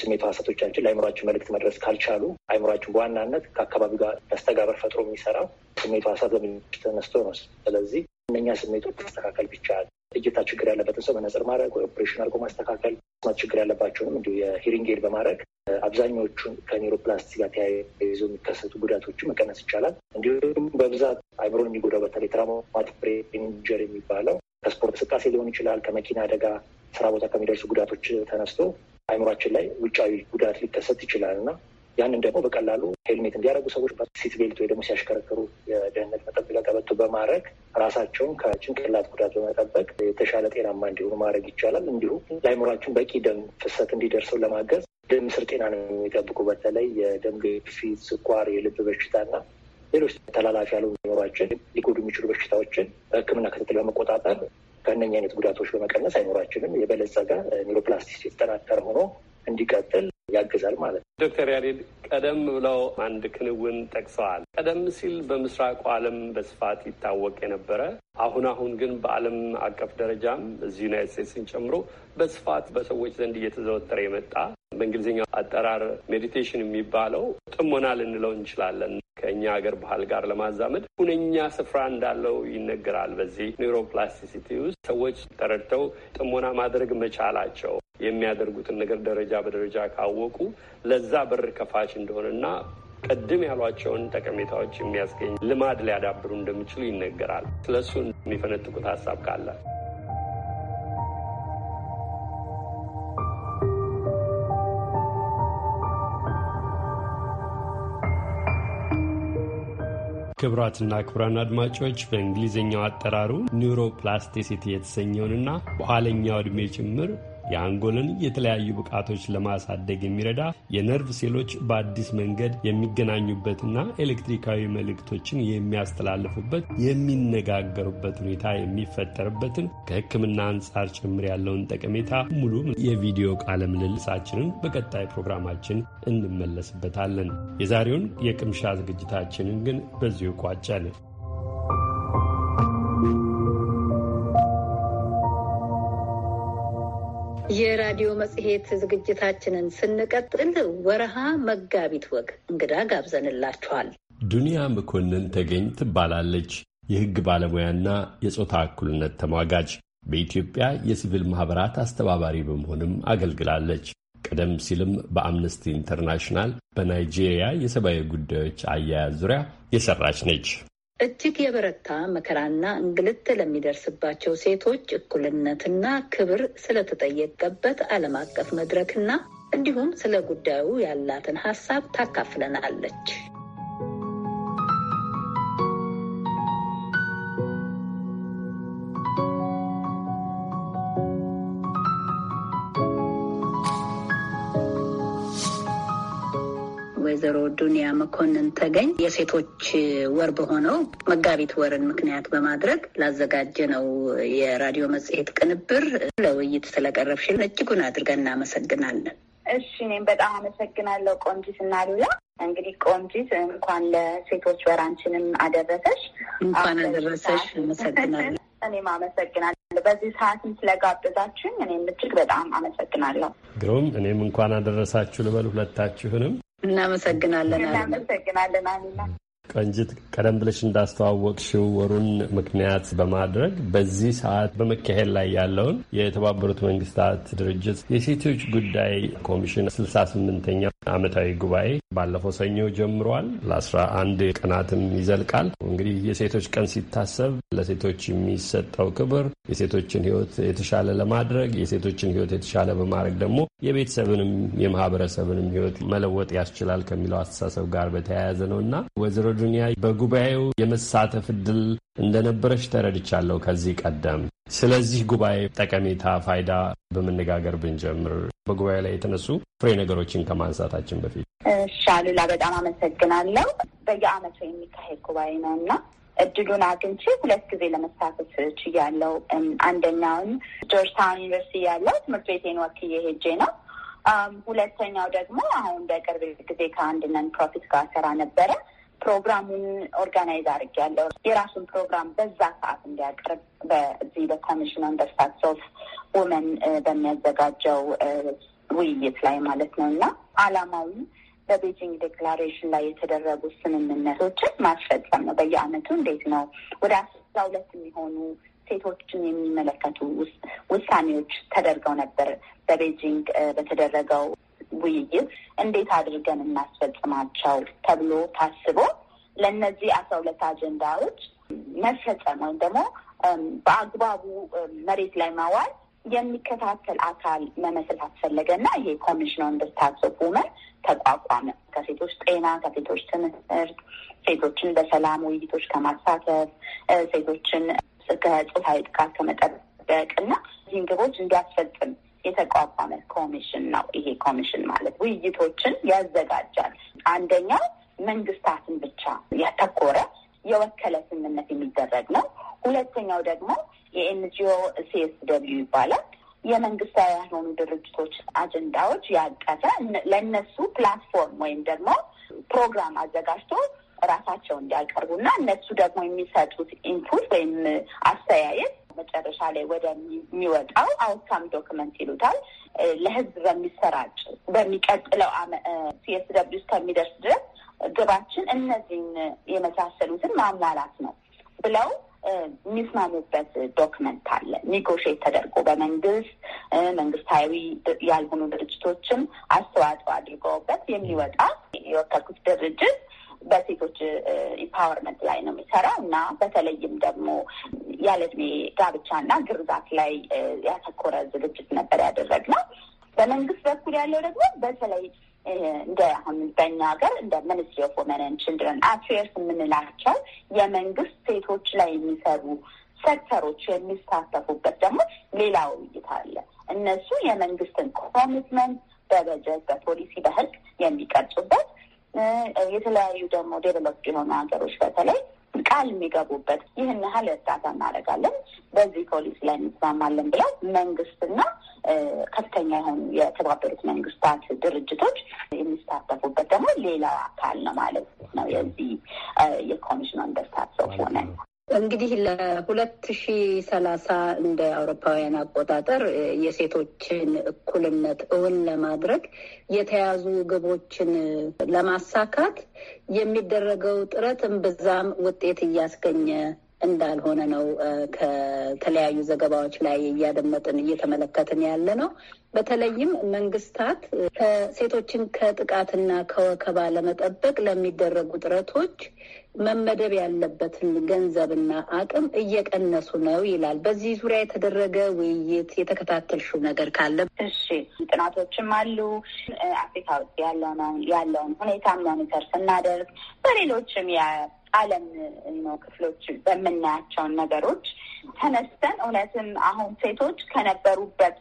[SPEAKER 3] ስሜት ሀሰቶቻችን ለአእምሯችን መልእክት መድረስ ካልቻሉ አእምሯችን በዋናነት ከአካባቢ ጋር መስተጋበር ፈጥሮ የሚሰራው ስሜቱ ሀሳብ በሚል ተነስቶ ነው። ስለዚህ እነኛ ስሜቶች ማስተካከል ቢቻል እይታ ችግር ያለበትን ሰው መነጽር ማድረግ ወይ ኦፕሬሽን አድርጎ ማስተካከል፣ መስማት ችግር ያለባቸውንም እንዲሁ የሂሪንግ ኤድ በማድረግ አብዛኛዎቹን ከኒውሮፕላስቲ ጋር ተያይዞ የሚከሰቱ ጉዳቶች መቀነስ ይቻላል። እንዲሁም በብዛት አይምሮን የሚጎዳው በተለይ ትራውማቲክ ብሬን ኢንጀሪ የሚባለው ከስፖርት እንቅስቃሴ ሊሆን ይችላል፣ ከመኪና አደጋ፣ ስራ ቦታ ከሚደርሱ ጉዳቶች ተነስቶ አይምሯችን ላይ ውጫዊ ጉዳት ሊከሰት ይችላል እና ያንን ደግሞ በቀላሉ ሄልሜት እንዲያደረጉ ሰዎች ሲት ቤልት ወይ ደግሞ ሲያሽከረክሩ የደህንነት መጠበቂያ ቀበቶ በማድረግ ራሳቸውን ከጭንቅላት ጉዳት በመጠበቅ የተሻለ ጤናማ እንዲሆኑ ማድረግ ይቻላል። እንዲሁም ለአይምሯችን በቂ ደም ፍሰት እንዲደርሰው ለማገዝ ደም ስር ጤና ነው የሚጠብቁ በተለይ የደም ግፊት፣ ስኳር፣ የልብ በሽታና ሌሎች ተላላፊ ያሉ አይምሯችን ሊጎዱ የሚችሉ በሽታዎችን በሕክምና ክትትል በመቆጣጠር ከነኛ አይነት ጉዳቶች በመቀነስ አይምሯችንም የበለጸገ ኒሮፕላስቲስ የተጠናከረ ሆኖ እንዲቀጥል ያግዛል ማለት ነው።
[SPEAKER 8] ዶክተር ያሬድ
[SPEAKER 1] ቀደም ብለው አንድ ክንውን ጠቅሰዋል። ቀደም ሲል በምስራቁ ዓለም በስፋት ይታወቅ የነበረ አሁን አሁን ግን በዓለም አቀፍ ደረጃም እዚህ ዩናይት ስቴትስን ጨምሮ በስፋት በሰዎች ዘንድ እየተዘወተረ የመጣ በእንግሊዝኛው አጠራር ሜዲቴሽን የሚባለው ጥሞና ልንለው እንችላለን። ከእኛ ሀገር ባህል ጋር ለማዛመድ ሁነኛ ስፍራ እንዳለው ይነገራል። በዚህ ኒውሮፕላስቲሲቲ ውስጥ ሰዎች ተረድተው ጥሞና ማድረግ መቻላቸው የሚያደርጉትን ነገር ደረጃ በደረጃ ካወቁ ለዛ በር ከፋች እንደሆነና ቅድም ያሏቸውን ጠቀሜታዎች የሚያስገኝ ልማድ ሊያዳብሩ እንደሚችሉ ይነገራል። ስለሱ የሚፈነጥቁት ሀሳብ ካለ ክብራትና ክቡራን አድማጮች በእንግሊዝኛው አጠራሩ ኒውሮፕላስቲሲቲ የተሰኘውንና በኋለኛው ዕድሜ ጭምር የአንጎልን የተለያዩ ብቃቶች ለማሳደግ የሚረዳ የነርቭ ሴሎች በአዲስ መንገድ የሚገናኙበትና ኤሌክትሪካዊ መልእክቶችን የሚያስተላልፉበት የሚነጋገሩበት ሁኔታ የሚፈጠርበትን ከሕክምና አንጻር ጭምር ያለውን ጠቀሜታ ሙሉ የቪዲዮ ቃለ ምልልሳችንን በቀጣይ ፕሮግራማችን እንመለስበታለን። የዛሬውን የቅምሻ ዝግጅታችንን ግን በዚሁ ቋጨን።
[SPEAKER 2] የራዲዮ መጽሔት ዝግጅታችንን ስንቀጥል ወረሃ መጋቢት ወግ እንግዳ ጋብዘንላችኋል።
[SPEAKER 1] ዱንያ መኮንን ተገኝ ትባላለች። የሕግ ባለሙያና የጾታ እኩልነት ተሟጋች በኢትዮጵያ የሲቪል ማኅበራት አስተባባሪ በመሆንም አገልግላለች። ቀደም ሲልም በአምነስቲ ኢንተርናሽናል በናይጄሪያ የሰብአዊ ጉዳዮች አያያዝ ዙሪያ የሰራች ነች።
[SPEAKER 2] እጅግ የበረታ መከራና እንግልት ለሚደርስባቸው ሴቶች እኩልነትና ክብር ስለተጠየቀበት ዓለም አቀፍ መድረክና እንዲሁም ስለ ጉዳዩ ያላትን ሀሳብ ታካፍለናለች። ወይዘሮ ዱኒያ መኮንን ተገኝ የሴቶች ወር በሆነው መጋቢት ወርን ምክንያት በማድረግ ላዘጋጀ ነው የራዲዮ መጽሔት ቅንብር ለውይይት ስለቀረብሽን እጅጉን አድርገን እናመሰግናለን።
[SPEAKER 4] እሺ እኔም በጣም አመሰግናለሁ ቆንጂት እና ሉላ። እንግዲህ ቆንጂት እንኳን ለሴቶች ወራንችንም አደረሰሽ። እንኳን አደረሰሽ። አመሰግናለሁ። እኔም አመሰግናለሁ በዚህ ሰዓትም ስለጋበዛችሁኝ እኔም እጅግ በጣም አመሰግናለሁ።
[SPEAKER 1] ግሩም። እኔም እንኳን አደረሳችሁ ልበል ሁለታችሁንም።
[SPEAKER 4] እናመሰግናለን። እናመሰግናለን እናመሰግናለን አሚና
[SPEAKER 1] ቆንጅት ቀደም ብለሽ እንዳስተዋወቅሽው ወሩን ምክንያት በማድረግ በዚህ ሰዓት በመካሄድ ላይ ያለውን የተባበሩት መንግስታት ድርጅት የሴቶች ጉዳይ ኮሚሽን ስልሳ ስምንተኛ ዓመታዊ ጉባኤ ባለፈው ሰኞ ጀምሯል። ለአስራ አንድ ቀናትም ይዘልቃል። እንግዲህ የሴቶች ቀን ሲታሰብ ለሴቶች የሚሰጠው ክብር፣ የሴቶችን ሕይወት የተሻለ ለማድረግ የሴቶችን ሕይወት የተሻለ በማድረግ ደግሞ የቤተሰብንም የማህበረሰብንም ሕይወት መለወጥ ያስችላል ከሚለው አስተሳሰብ ጋር በተያያዘ ነው እና ወይዘሮ ቨርጂኒያ በጉባኤው የመሳተፍ እድል እንደነበረች ተረድቻለሁ ከዚህ ቀደም። ስለዚህ ጉባኤ ጠቀሜታ፣ ፋይዳ በመነጋገር ብንጀምር በጉባኤ ላይ የተነሱ ፍሬ ነገሮችን ከማንሳታችን በፊት።
[SPEAKER 4] እሺ አሉላ፣ በጣም አመሰግናለሁ። በየአመቱ የሚካሄድ ጉባኤ ነው እና እድሉን አግኝቼ ሁለት ጊዜ ለመሳተፍ ችያለሁ። አንደኛውን ጆርጅታውን ዩኒቨርሲቲ ያለው ትምህርት ቤቴን ወክዬ ሄጄ ነው። ሁለተኛው ደግሞ አሁን በቅርብ ጊዜ ከአንድነን ፕሮፊት ጋር ሰራ ነበረ ፕሮግራሙን ኦርጋናይዝ ያለው የራሱን ፕሮግራም በዛ ሰዓት እንዲያቀርብ በዚህ በኮሚሽን ኦን ዘ ስታትስ ኦፍ ውመን በሚያዘጋጀው ውይይት ላይ ማለት ነው እና አላማዊ በቤጂንግ ዴክላሬሽን ላይ የተደረጉ ስምምነቶችን ማስፈጸም ነው። በየአመቱ እንዴት ነው ወደ አስራ ሁለት የሚሆኑ ሴቶችን የሚመለከቱ ውሳኔዎች ተደርገው ነበር በቤጂንግ በተደረገው ውይይት እንዴት አድርገን እናስፈጽማቸው ተብሎ ታስቦ ለእነዚህ አስራ ሁለት አጀንዳዎች መፈጸም ወይም ደግሞ በአግባቡ መሬት ላይ ማዋል የሚከታተል አካል መመስል አስፈለገ እና ይሄ ኮሚሽን ኦን ዲስታንስ ውመን ተቋቋመ። ከሴቶች ጤና፣ ከሴቶች ትምህርት፣ ሴቶችን በሰላም ውይይቶች ከማሳተፍ፣ ሴቶችን ከጾታዊ ጥቃት ከመጠበቅ እና እዚህን ግቦች እንዲያስፈጽም የተቋቋመ ኮሚሽን ነው። ይሄ ኮሚሽን ማለት ውይይቶችን ያዘጋጃል። አንደኛው መንግስታትን ብቻ ያተኮረ የወከለ ስምምነት የሚደረግ ነው። ሁለተኛው ደግሞ የኤንጂኦ ሲኤስ ይባላል። የመንግስታዊ ያልሆኑ ድርጅቶች አጀንዳዎች ያቀፈ ለእነሱ ፕላትፎርም ወይም ደግሞ ፕሮግራም አዘጋጅቶ ራሳቸው እንዲያቀርቡና እነሱ ደግሞ የሚሰጡት ኢንፑት ወይም አስተያየት መጨረሻ ላይ ወደሚወጣው አውትካም ዶክመንት ይሉታል ለህዝብ በሚሰራጭ በሚቀጥለው ሲኤስ ደብሊው እስከሚደርስ ድረስ ግባችን እነዚህን የመሳሰሉትን ማሟላት ነው ብለው የሚስማሙበት ዶክመንት አለ። ኒጎሽት ተደርጎ በመንግስት መንግስታዊ ያልሆኑ ድርጅቶችም አስተዋጽኦ አድርገውበት የሚወጣ የወከልኩት ድርጅት በሴቶች ኢምፓወርመንት ላይ ነው የሚሰራው እና በተለይም ደግሞ ያለ እድሜ ጋብቻና ግርዛት ላይ ያተኮረ ዝግጅት ነበር ያደረግነው። በመንግስት በኩል ያለው ደግሞ በተለይ እንደ አሁን በእኛ ሀገር እንደ ሚኒስትሪ ኦፍ ወመን ችልድረን አፌርስ የምንላቸው የመንግስት ሴቶች ላይ የሚሰሩ ሴክተሮች የሚሳተፉበት ደግሞ ሌላ ውይይት አለ። እነሱ የመንግስትን ኮሚትመንት በበጀት፣ በፖሊሲ፣ በህግ የሚቀርጹበት የተለያዩ ደግሞ ዴቨሎፕ የሆኑ ሀገሮች በተለይ ቃል የሚገቡበት ይህን ያህል እርዳታ እናደርጋለን፣ በዚህ ፖሊሲ ላይ እንስማማለን ብለው መንግስትና ከፍተኛ የሆኑ የተባበሩት መንግስታት ድርጅቶች የሚሳተፉበት ደግሞ ሌላ አካል ነው ማለት ነው የዚህ የኮሚሽን አንደርስታትሰ ሆነ
[SPEAKER 2] እንግዲህ ለሁለት ሺ ሰላሳ እንደ አውሮፓውያን አቆጣጠር የሴቶችን እኩልነት እውን ለማድረግ የተያዙ ግቦችን ለማሳካት የሚደረገው ጥረት እምብዛም ውጤት እያስገኘ እንዳልሆነ ነው ከተለያዩ ዘገባዎች ላይ እያደመጥን እየተመለከትን ያለ ነው። በተለይም መንግስታት ከሴቶችን ከጥቃትና ከወከባ ለመጠበቅ ለሚደረጉ ጥረቶች መመደብ ያለበትን ገንዘብና አቅም እየቀነሱ ነው ይላል። በዚህ ዙሪያ የተደረገ ውይይት የተከታተልሽው ነገር ካለ?
[SPEAKER 4] እሺ፣ ጥናቶችም አሉ። አፍሪካ ውስጥ ያለውን ሁኔታ ሞኒተር ስናደርግ በሌሎችም ዓለም ነው ክፍሎች በምናያቸውን ነገሮች ተነስተን እውነትም አሁን ሴቶች ከነበሩበት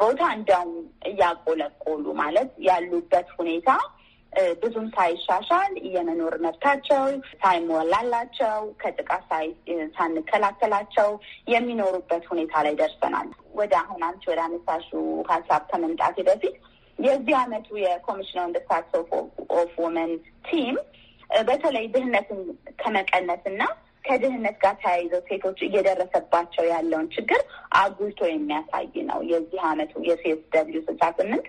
[SPEAKER 4] ቦታ እንዲያውም እያቆለቆሉ ማለት ያሉበት ሁኔታ ብዙም ሳይሻሻል የመኖር መብታቸው ሳይሟላላቸው ከጥቃት ሳንከላከላቸው የሚኖሩበት ሁኔታ ላይ ደርሰናል። ወደ አሁን አንቺ ወደ አነሳሹ ሀሳብ ከመምጣቴ በፊት የዚህ አመቱ የኮሚሽነር ኢን ዲስታንስ ኦፍ ወመን ቲም በተለይ ድህነትን ከመቀነስ እና ከድህነት ጋር ተያይዘው ሴቶች እየደረሰባቸው ያለውን ችግር አጉልቶ የሚያሳይ ነው። የዚህ አመቱ የሴስ ደብሊው ስልሳ ስምንት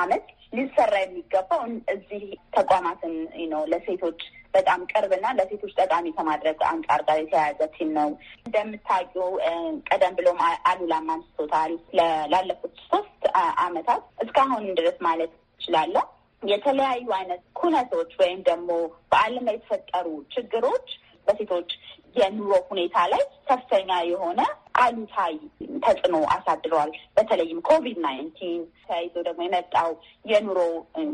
[SPEAKER 4] አመት ሊሰራ የሚገባው እዚህ ተቋማትን ነው ለሴቶች በጣም ቅርብና ለሴቶች ጠቃሚ ከማድረግ አንጻር ጋር የተያያዘ ቲም ነው። እንደምታውቂው ቀደም ብሎም አሉላም አንስቶታል። ላለፉት ሶስት አመታት እስካሁን ድረስ ማለት ይችላለሁ የተለያዩ አይነት ኩነቶች ወይም ደግሞ በዓለም የተፈጠሩ ችግሮች በሴቶች የኑሮ ሁኔታ ላይ ከፍተኛ የሆነ አሉታዊ ተጽዕኖ አሳድረዋል። በተለይም ኮቪድ ናይንቲን ተያይዞ ደግሞ የመጣው የኑሮ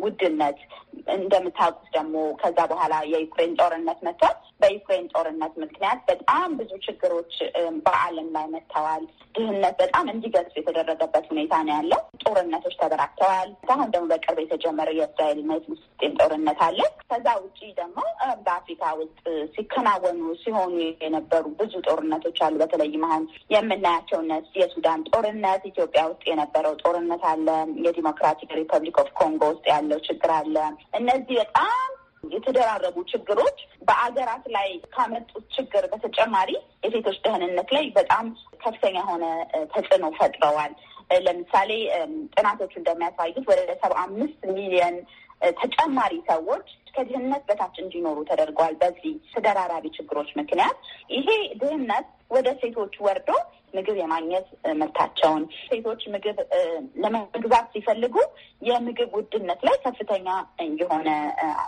[SPEAKER 4] ውድነት እንደምታውቁት ደግሞ ከዛ በኋላ የዩክሬን ጦርነት መጥቷል። በዩክሬን ጦርነት ምክንያት በጣም ብዙ ችግሮች በዓለም ላይ መጥተዋል። ድህነት በጣም እንዲገዝፍ የተደረገበት ሁኔታ ነው ያለው። ጦርነቶች ተበራክተዋል። አሁን ደግሞ በቅርብ የተጀመረ የእስራኤልና የፍልስጤም ጦርነት አለ። ከዛ ውጭ ደግሞ በአፍሪካ ውስጥ ሲከናወኑ ሲሆኑ የነበሩ ብዙ ጦርነቶች አሉ። በተለይም አሁን የምናያቸው እነዚህ የሱዳን ጦርነት፣ ኢትዮጵያ ውስጥ የነበረው ጦርነት አለ፣ የዲሞክራቲክ ሪፐብሊክ ኦፍ ኮንጎ ውስጥ ያለው ችግር አለ። እነዚህ በጣም የተደራረቡ ችግሮች በአገራት ላይ ካመጡት ችግር በተጨማሪ የሴቶች ደህንነት ላይ በጣም ከፍተኛ የሆነ ተጽዕኖ ፈጥረዋል። ለምሳሌ ጥናቶቹ እንደሚያሳዩት ወደ ሰባ አምስት ሚሊዮን ተጨማሪ ሰዎች ከድህነት በታች እንዲኖሩ ተደርጓል። በዚህ ተደራራቢ ችግሮች ምክንያት ይሄ ድህነት ወደ ሴቶች ወርዶ ምግብ የማግኘት መብታቸውን ሴቶች ምግብ ለመግዛት ሲፈልጉ የምግብ ውድነት ላይ ከፍተኛ የሆነ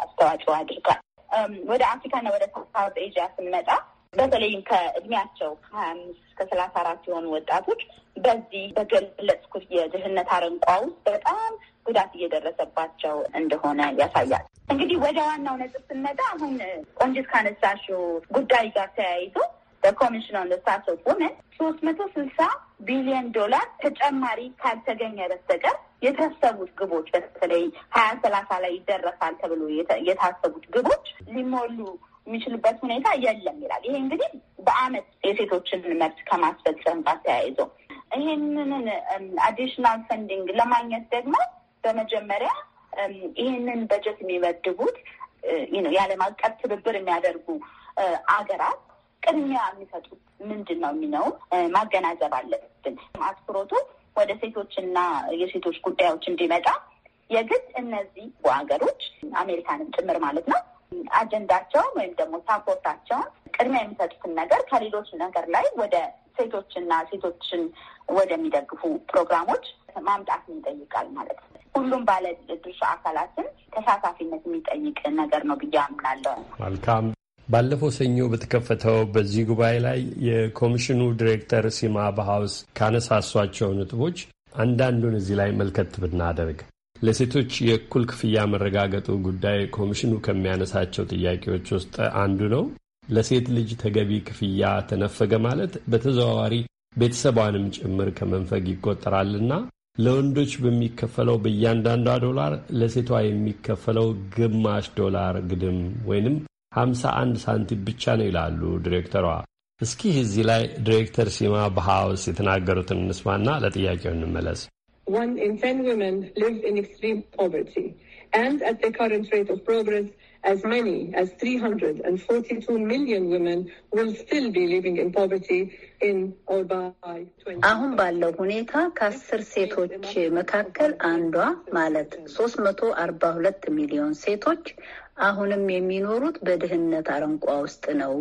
[SPEAKER 4] አስተዋጽኦ አድርጓል። ወደ አፍሪካና ወደ ሳውዝ ኤዥያ ስንመጣ በተለይም ከእድሜያቸው ከሀያ አምስት ከሰላሳ አራት የሆኑ ወጣቶች በዚህ በገለጽኩት የድህነት አረንቋ ውስጥ በጣም ጉዳት እየደረሰባቸው እንደሆነ ያሳያል። እንግዲህ ወደ ዋናው ነጥብ ስንመጣ አሁን ቆንጅት ካነሳሽው ጉዳይ ጋር ተያይዞ በኮሚሽን ኦን ስታትስ ኦፍ ውመን ሶስት መቶ ስልሳ ቢሊዮን ዶላር ተጨማሪ ካልተገኘ በስተቀር የታሰቡት ግቦች በተለይ ሀያ ሰላሳ ላይ ይደረሳል ተብሎ የታሰቡት ግቦች ሊሞሉ የሚችሉበት ሁኔታ የለም ይላል። ይሄ እንግዲህ በአመት የሴቶችን መብት ከማስፈጸም ጋር ተያይዞ ይሄንን አዲሽናል ፈንዲንግ ለማግኘት ደግሞ በመጀመሪያ ይሄንን በጀት የሚመድቡት የዓለም አቀፍ ትብብር የሚያደርጉ አገራት ቅድሚያ የሚሰጡት ምንድን ነው የሚለው ማገናዘብ አለብን። አትኩሮቱ ወደ ሴቶችና የሴቶች ጉዳዮች እንዲመጣ የግድ እነዚህ ሀገሮች አሜሪካንም ጭምር ማለት ነው አጀንዳቸውን ወይም ደግሞ ሳፖርታቸውን ቅድሚያ የሚሰጡትን ነገር ከሌሎች ነገር ላይ ወደ ሴቶችና ሴቶችን ወደሚደግፉ ፕሮግራሞች ማምጣት ይጠይቃል ማለት ነው። ሁሉም ባለ ድርሻ አካላትን ተሳታፊነት የሚጠይቅ ነገር ነው ብዬ አምናለሁ።
[SPEAKER 1] መልካም። ባለፈው ሰኞ በተከፈተው በዚህ ጉባኤ ላይ የኮሚሽኑ ዲሬክተር ሲማ በሀውስ ካነሳሷቸው ነጥቦች አንዳንዱን እዚህ ላይ መልከት ብናደርግ ለሴቶች የእኩል ክፍያ መረጋገጡ ጉዳይ ኮሚሽኑ ከሚያነሳቸው ጥያቄዎች ውስጥ አንዱ ነው። ለሴት ልጅ ተገቢ ክፍያ ተነፈገ ማለት በተዘዋዋሪ ቤተሰቧንም ጭምር ከመንፈግ ይቆጠራልና ለወንዶች በሚከፈለው በእያንዳንዷ ዶላር ለሴቷ የሚከፈለው ግማሽ ዶላር ግድም ወይንም 51 ሳንቲም ብቻ ነው ይላሉ ዲሬክተሯ። እስኪ እዚህ ላይ ዲሬክተር ሲማ በሃውስ የተናገሩትን እንስማና ለጥያቄው እንመለስ።
[SPEAKER 6] one in 10 women live in extreme poverty. And at the current rate of progress, as many as 342 million women will still be
[SPEAKER 2] living in poverty in or by 20 አሁን ባለው ሁኔታ ከአስር ሴቶች መካከል አንዷ ማለት 342 ሚሊዮን ሴቶች አሁንም የሚኖሩት በድህነት አረንቋ ውስጥ ነው።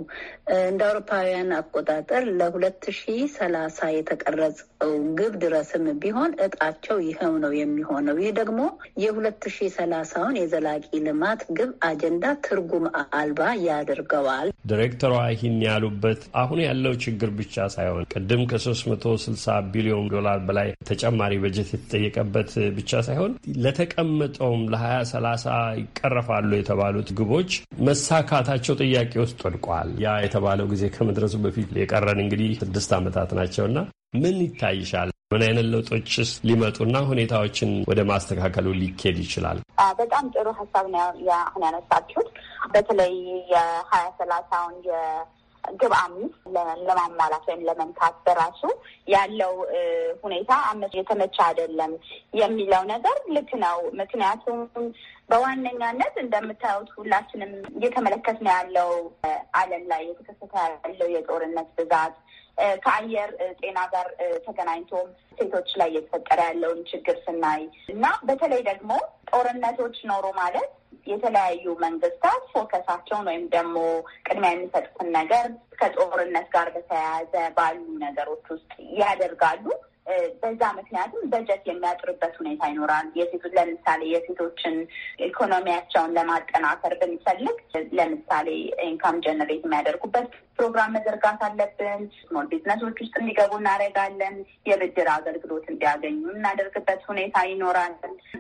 [SPEAKER 2] እንደ አውሮፓውያን አቆጣጠር ለሁለት ሺ ሰላሳ የተቀረጸው ግብ ድረስም ቢሆን እጣቸው ይኸው ነው የሚሆነው። ይህ ደግሞ የሁለት ሺ ሰላሳውን የዘላቂ ልማት ግብ አጀንዳ ትርጉም አልባ ያደርገዋል።
[SPEAKER 1] ዲሬክተሯ ይህን ያሉበት አሁን ያለው ችግር ብቻ ሳይሆን ቅድም ከሶስት መቶ ስልሳ ቢሊዮን ዶላር በላይ ተጨማሪ በጀት የተጠየቀበት ብቻ ሳይሆን ለተቀመጠውም ለሀያ ሰላሳ ይቀረፋሉ የተባ የተባሉት ግቦች መሳካታቸው ጥያቄ ውስጥ ወድቋል። ያ የተባለው ጊዜ ከመድረሱ በፊት የቀረን እንግዲህ ስድስት ዓመታት ናቸውና ምን ይታይሻል? ምን አይነት ለውጦችስ ሊመጡና ሁኔታዎችን ወደ ማስተካከሉ ሊኬድ ይችላል?
[SPEAKER 4] በጣም ጥሩ ሀሳብ ነው ያነሳችሁት። በተለይ የሀያ ሰላሳውን ግብ አምስት ለማሟላት ወይም ለመምታት በራሱ ያለው ሁኔታ የተመቸ አይደለም የሚለው ነገር ልክ ነው። ምክንያቱም በዋነኛነት እንደምታዩት ሁላችንም እየተመለከትን ያለው ዓለም ላይ የተከሰተ ያለው የጦርነት ብዛት ከአየር ጤና ጋር ተገናኝቶም ሴቶች ላይ እየተፈጠረ ያለውን ችግር ስናይ እና በተለይ ደግሞ ጦርነቶች ኖሮ ማለት የተለያዩ መንግስታት ፎከሳቸውን ወይም ደግሞ ቅድሚያ የሚሰጡትን ነገር ከጦርነት ጋር በተያያዘ ባሉ ነገሮች ውስጥ ያደርጋሉ። በዛ ምክንያትም በጀት የሚያጥርበት ሁኔታ ይኖራል። የሴቶ ለምሳሌ የሴቶችን ኢኮኖሚያቸውን ለማጠናከር ብንፈልግ ለምሳሌ ኢንካም ጀነሬት የሚያደርጉበት ፕሮግራም መዘርጋት አለብን። ስሞል ቢዝነሶች ውስጥ እንዲገቡ እናደርጋለን። የብድር አገልግሎት እንዲያገኙ እናደርግበት ሁኔታ ይኖራል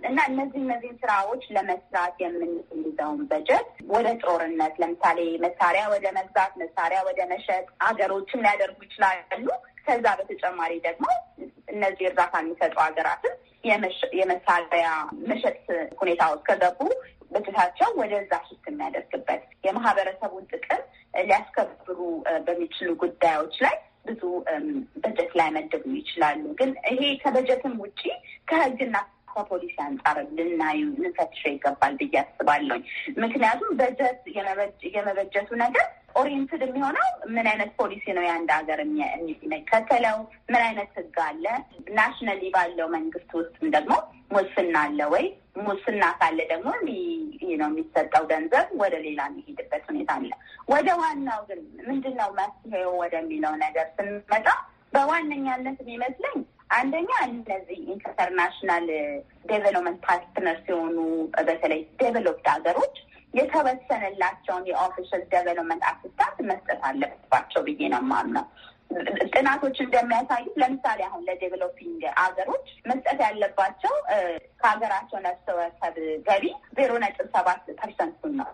[SPEAKER 4] እና እነዚህ እነዚህን ስራዎች ለመስራት የምንይዘውን በጀት ወደ ጦርነት ለምሳሌ መሳሪያ ወደ መግዛት፣ መሳሪያ ወደ መሸጥ ሀገሮችም ሊያደርጉ ይችላሉ። ከዛ በተጨማሪ ደግሞ እነዚህ እርዳታ የሚሰጡ ሀገራትን የመሳሪያ መሸጥ ሁኔታ ውስጥ ከገቡ ብልጭታቸው ወደዛ ሂት የሚያደርግበት የማህበረሰቡን ጥቅም ሊያስከብሩ በሚችሉ ጉዳዮች ላይ ብዙ በጀት ላይ መድቡ ይችላሉ። ግን ይሄ ከበጀትም ውጪ ከህግና ከፖሊሲ አንጻር ልናዩ ልንፈትሸው ይገባል ብዬ አስባለሁኝ። ምክንያቱም በጀት የመበጀቱ ነገር ኦሪየንትድ የሚሆነው ምን አይነት ፖሊሲ ነው የአንድ ሀገር የሚከተለው፣ ምን አይነት ህግ አለ፣ ናሽናሊ ባለው መንግስት ውስጥም ደግሞ ሙስና አለ ወይ ሙስና ካለ ደግሞ ነው የሚሰጠው ገንዘብ ወደ ሌላ የሚሄድበት ሁኔታ አለ። ወደ ዋናው ግን ምንድን ነው መፍትሄው ወደሚለው ነገር ስንመጣ በዋነኛነት የሚመስለኝ አንደኛ እነዚህ ኢንተርናሽናል ዴቨሎፕመንት ፓርትነር ሲሆኑ በተለይ ዴቨሎፕድ ሀገሮች የተወሰነላቸውን የኦፊሻል ዴቨሎፕመንት አሲስታንስ መስጠት አለባቸው ብዬ ነው የማምነው። ጥናቶች እንደሚያሳዩት ለምሳሌ አሁን ለዴቨሎፒንግ አገሮች መስጠት ያለባቸው ከሀገራቸው ነፍሰ ወከፍ ገቢ ዜሮ ነጥብ ሰባት ፐርሰንቱ ነው።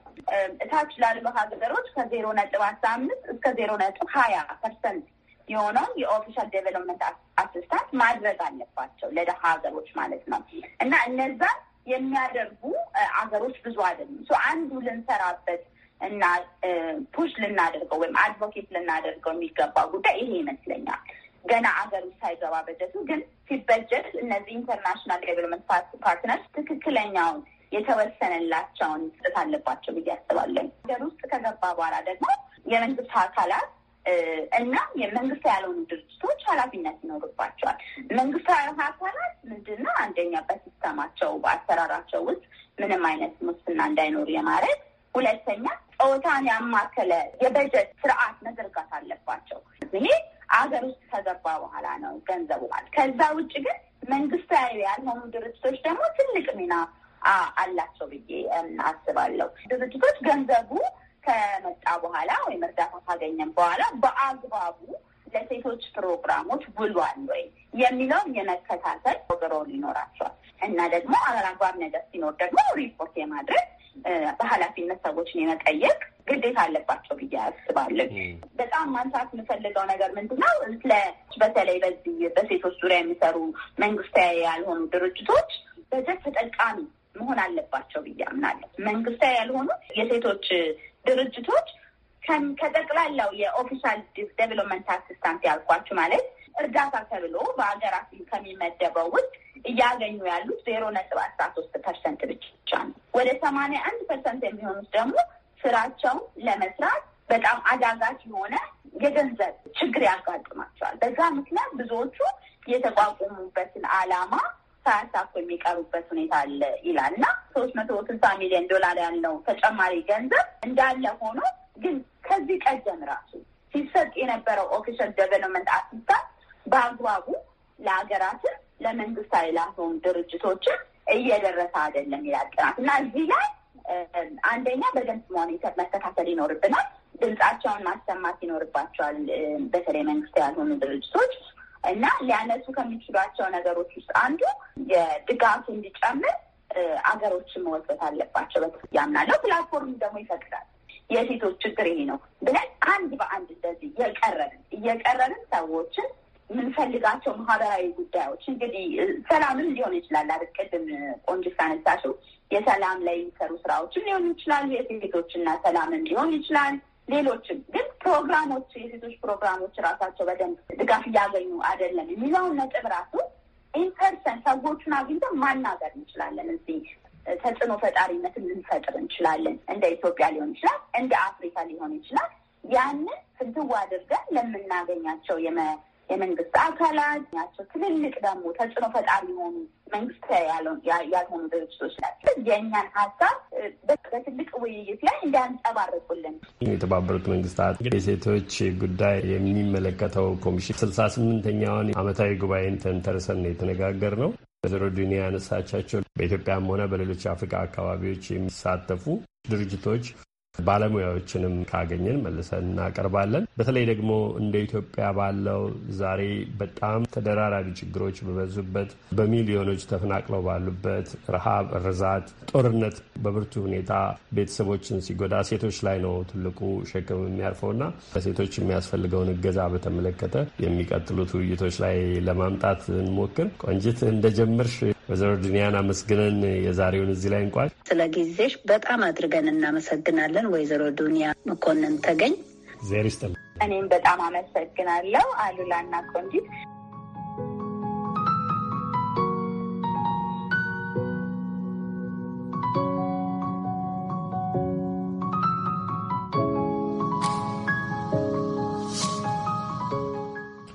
[SPEAKER 4] እታች ላሉ ሀገሮች ከዜሮ ነጥብ አስራ አምስት እስከ ዜሮ ነጥብ ሀያ ፐርሰንት የሆነው የኦፊሻል ዴቨሎፕመንት አስስታት ማድረግ አለባቸው ለደሃ ሀገሮች ማለት ነው እና እነዛ የሚያደርጉ አገሮች ብዙ አይደሉም። አንዱ ልንሰራበት እና ፑሽ ልናደርገው ወይም አድቮኬት ልናደርገው የሚገባ ጉዳይ ይሄ ይመስለኛል። ገና አገር ሳይገባ በጀቱ ግን ሲበጀት እነዚህ ኢንተርናሽናል ዴቨሎፕመንት ፓርትነርስ ትክክለኛውን የተወሰነላቸውን ስጠት አለባቸው ብዬ አስባለሁ። ሀገር ውስጥ ከገባ በኋላ ደግሞ የመንግስት አካላት እና የመንግስት ያልሆኑ ድርጅቶች ኃላፊነት ይኖርባቸዋል። መንግስታዊ አካላት ምንድን አንደኛ በሲስተማቸው በአሰራራቸው ውስጥ ምንም አይነት ሙስና እንዳይኖሩ የማድረግ ሁለተኛ ጾታን ያማከለ የበጀት ስርዓት መዘርጋት አለባቸው። ይሄ አገር ውስጥ ከገባ በኋላ ነው ገንዘቡ ማለት። ከዛ ውጭ ግን መንግስታዊ ያልሆኑ ድርጅቶች ደግሞ ትልቅ ሚና አላቸው ብዬ አስባለሁ። ድርጅቶች ገንዘቡ ከመጣ በኋላ ወይም እርዳታ ካገኘም በኋላ በአግባቡ ለሴቶች ፕሮግራሞች ውሏል ወይ የሚለውን የመከታተል ወገሮን ይኖራቸዋል እና ደግሞ አላግባብ ነገር ሲኖር ደግሞ ሪፖርት የማድረግ በኃላፊነት ሰዎችን የመጠየቅ ግዴታ አለባቸው ብዬ አስባለሁ። በጣም ማንሳት የምፈልገው ነገር ምንድን ነው፣ በተለይ በዚህ በሴቶች ዙሪያ የሚሰሩ መንግስታዊ ያልሆኑ ድርጅቶች በጀት ተጠቃሚ መሆን አለባቸው ብዬ አምናለሁ። መንግስታዊ ያልሆኑ የሴቶች ድርጅቶች ከጠቅላላው የኦፊሻል ዴቨሎፕመንት አሲስታንት ያልኳችሁ ማለት እርዳታ ተብሎ በሀገራችን ከሚመደበው ውስጥ እያገኙ ያሉት ዜሮ ነጥብ አስራ ሶስት ፐርሰንት ብቻ ነው። ወደ ሰማንያ አንድ ፐርሰንት የሚሆኑት ደግሞ ስራቸውን ለመስራት በጣም አዳጋች የሆነ የገንዘብ ችግር ያጋጥማቸዋል። በዛ ምክንያት ብዙዎቹ የተቋቋሙበትን አላማ ሳያሳኩ የሚቀሩበት ሁኔታ አለ ይላል እና ሶስት መቶ ስልሳ ሚሊዮን ዶላር ያለው ተጨማሪ ገንዘብ እንዳለ ሆኖ ግን ከዚህ ቀደም ራሱ ሲሰጥ የነበረው ኦፊሻል ደቨሎመንት አሲስታንስ በአግባቡ ለሀገራትን ለመንግስታዊ ላልሆኑ ድርጅቶችን እየደረሰ አይደለም ይላል ጥናት እና እዚህ ላይ አንደኛ በደንብ ሞኒተር መከታተል ይኖርብናል። ድምጻቸውን ማሰማት ይኖርባቸዋል። በተለይ መንግስት ያልሆኑ ድርጅቶች እና ሊያነሱ ከሚችሏቸው ነገሮች ውስጥ አንዱ የድጋፍ እንዲጨምር አገሮችን መወሰት አለባቸው ያምናለው። ፕላትፎርም ደግሞ ይፈቅዳል። የሴቶች ችግር ይሄ ነው ብለን አንድ በአንድ እንደዚህ እየቀረብን እየቀረብን ሰዎችን የምንፈልጋቸው ማህበራዊ ጉዳዮች እንግዲህ ሰላምም ሊሆን ይችላል። አይደል ቅድም ቆንጅት ካነሳሽው የሰላም ላይ የሚሰሩ ስራዎችም ሊሆኑ ይችላሉ። የሴቶችና ሰላምም ሊሆን ይችላል። ሌሎችም ግን ፕሮግራሞች የሴቶች ፕሮግራሞች ራሳቸው በደንብ ድጋፍ እያገኙ አይደለም የሚለውን ነጥብ ራሱ ኢንፐርሰን ሰዎቹን አግኝተን ማናገር እንችላለን። እዚህ ተጽዕኖ ፈጣሪነትን ልንፈጥር እንችላለን። እንደ ኢትዮጵያ ሊሆን ይችላል፣ እንደ አፍሪካ ሊሆን ይችላል። ያንን ፍንትው አድርገን ለምናገኛቸው የመንግስት አካላት ናቸው። ትልልቅ ደግሞ ተጽዕኖ ፈጣሪ የሆኑ መንግስት ያልሆኑ ድርጅቶች ናቸው። የእኛን ሀሳብ በትልቅ ውይይት ላይ እንዲያንጸባርቁልን
[SPEAKER 1] የተባበሩት መንግስታት የሴቶች ጉዳይ የሚመለከተው ኮሚሽን ስልሳ ስምንተኛውን አመታዊ ጉባኤን ተንተርሰን ነው የተነጋገር ነው። ወይዘሮ ዱኒያ ያነሳቻቸው በኢትዮጵያም ሆነ በሌሎች አፍሪካ አካባቢዎች የሚሳተፉ ድርጅቶች ባለሙያዎችንም ካገኘን መልሰን እናቀርባለን። በተለይ ደግሞ እንደ ኢትዮጵያ ባለው ዛሬ በጣም ተደራራቢ ችግሮች በበዙበት በሚሊዮኖች ተፈናቅለው ባሉበት ረሃብ፣ ርዛት፣ ጦርነት በብርቱ ሁኔታ ቤተሰቦችን ሲጎዳ ሴቶች ላይ ነው ትልቁ ሸክም የሚያርፈውና ለሴቶች የሚያስፈልገውን እገዛ በተመለከተ የሚቀጥሉት ውይይቶች ላይ ለማምጣት እንሞክር። ቆንጅት እንደጀምር ወይዘሮ ድንያን አመስግነን የዛሬውን እዚህ ላይ እንቋል።
[SPEAKER 2] ስለ ጊዜሽ በጣም አድርገን እናመሰግናለን ወይዘሮ ዱኒያ መኮንን ተገኝ ዜር ይስጥል።
[SPEAKER 4] እኔም በጣም አመሰግናለሁ አሉላና ቆንጂት።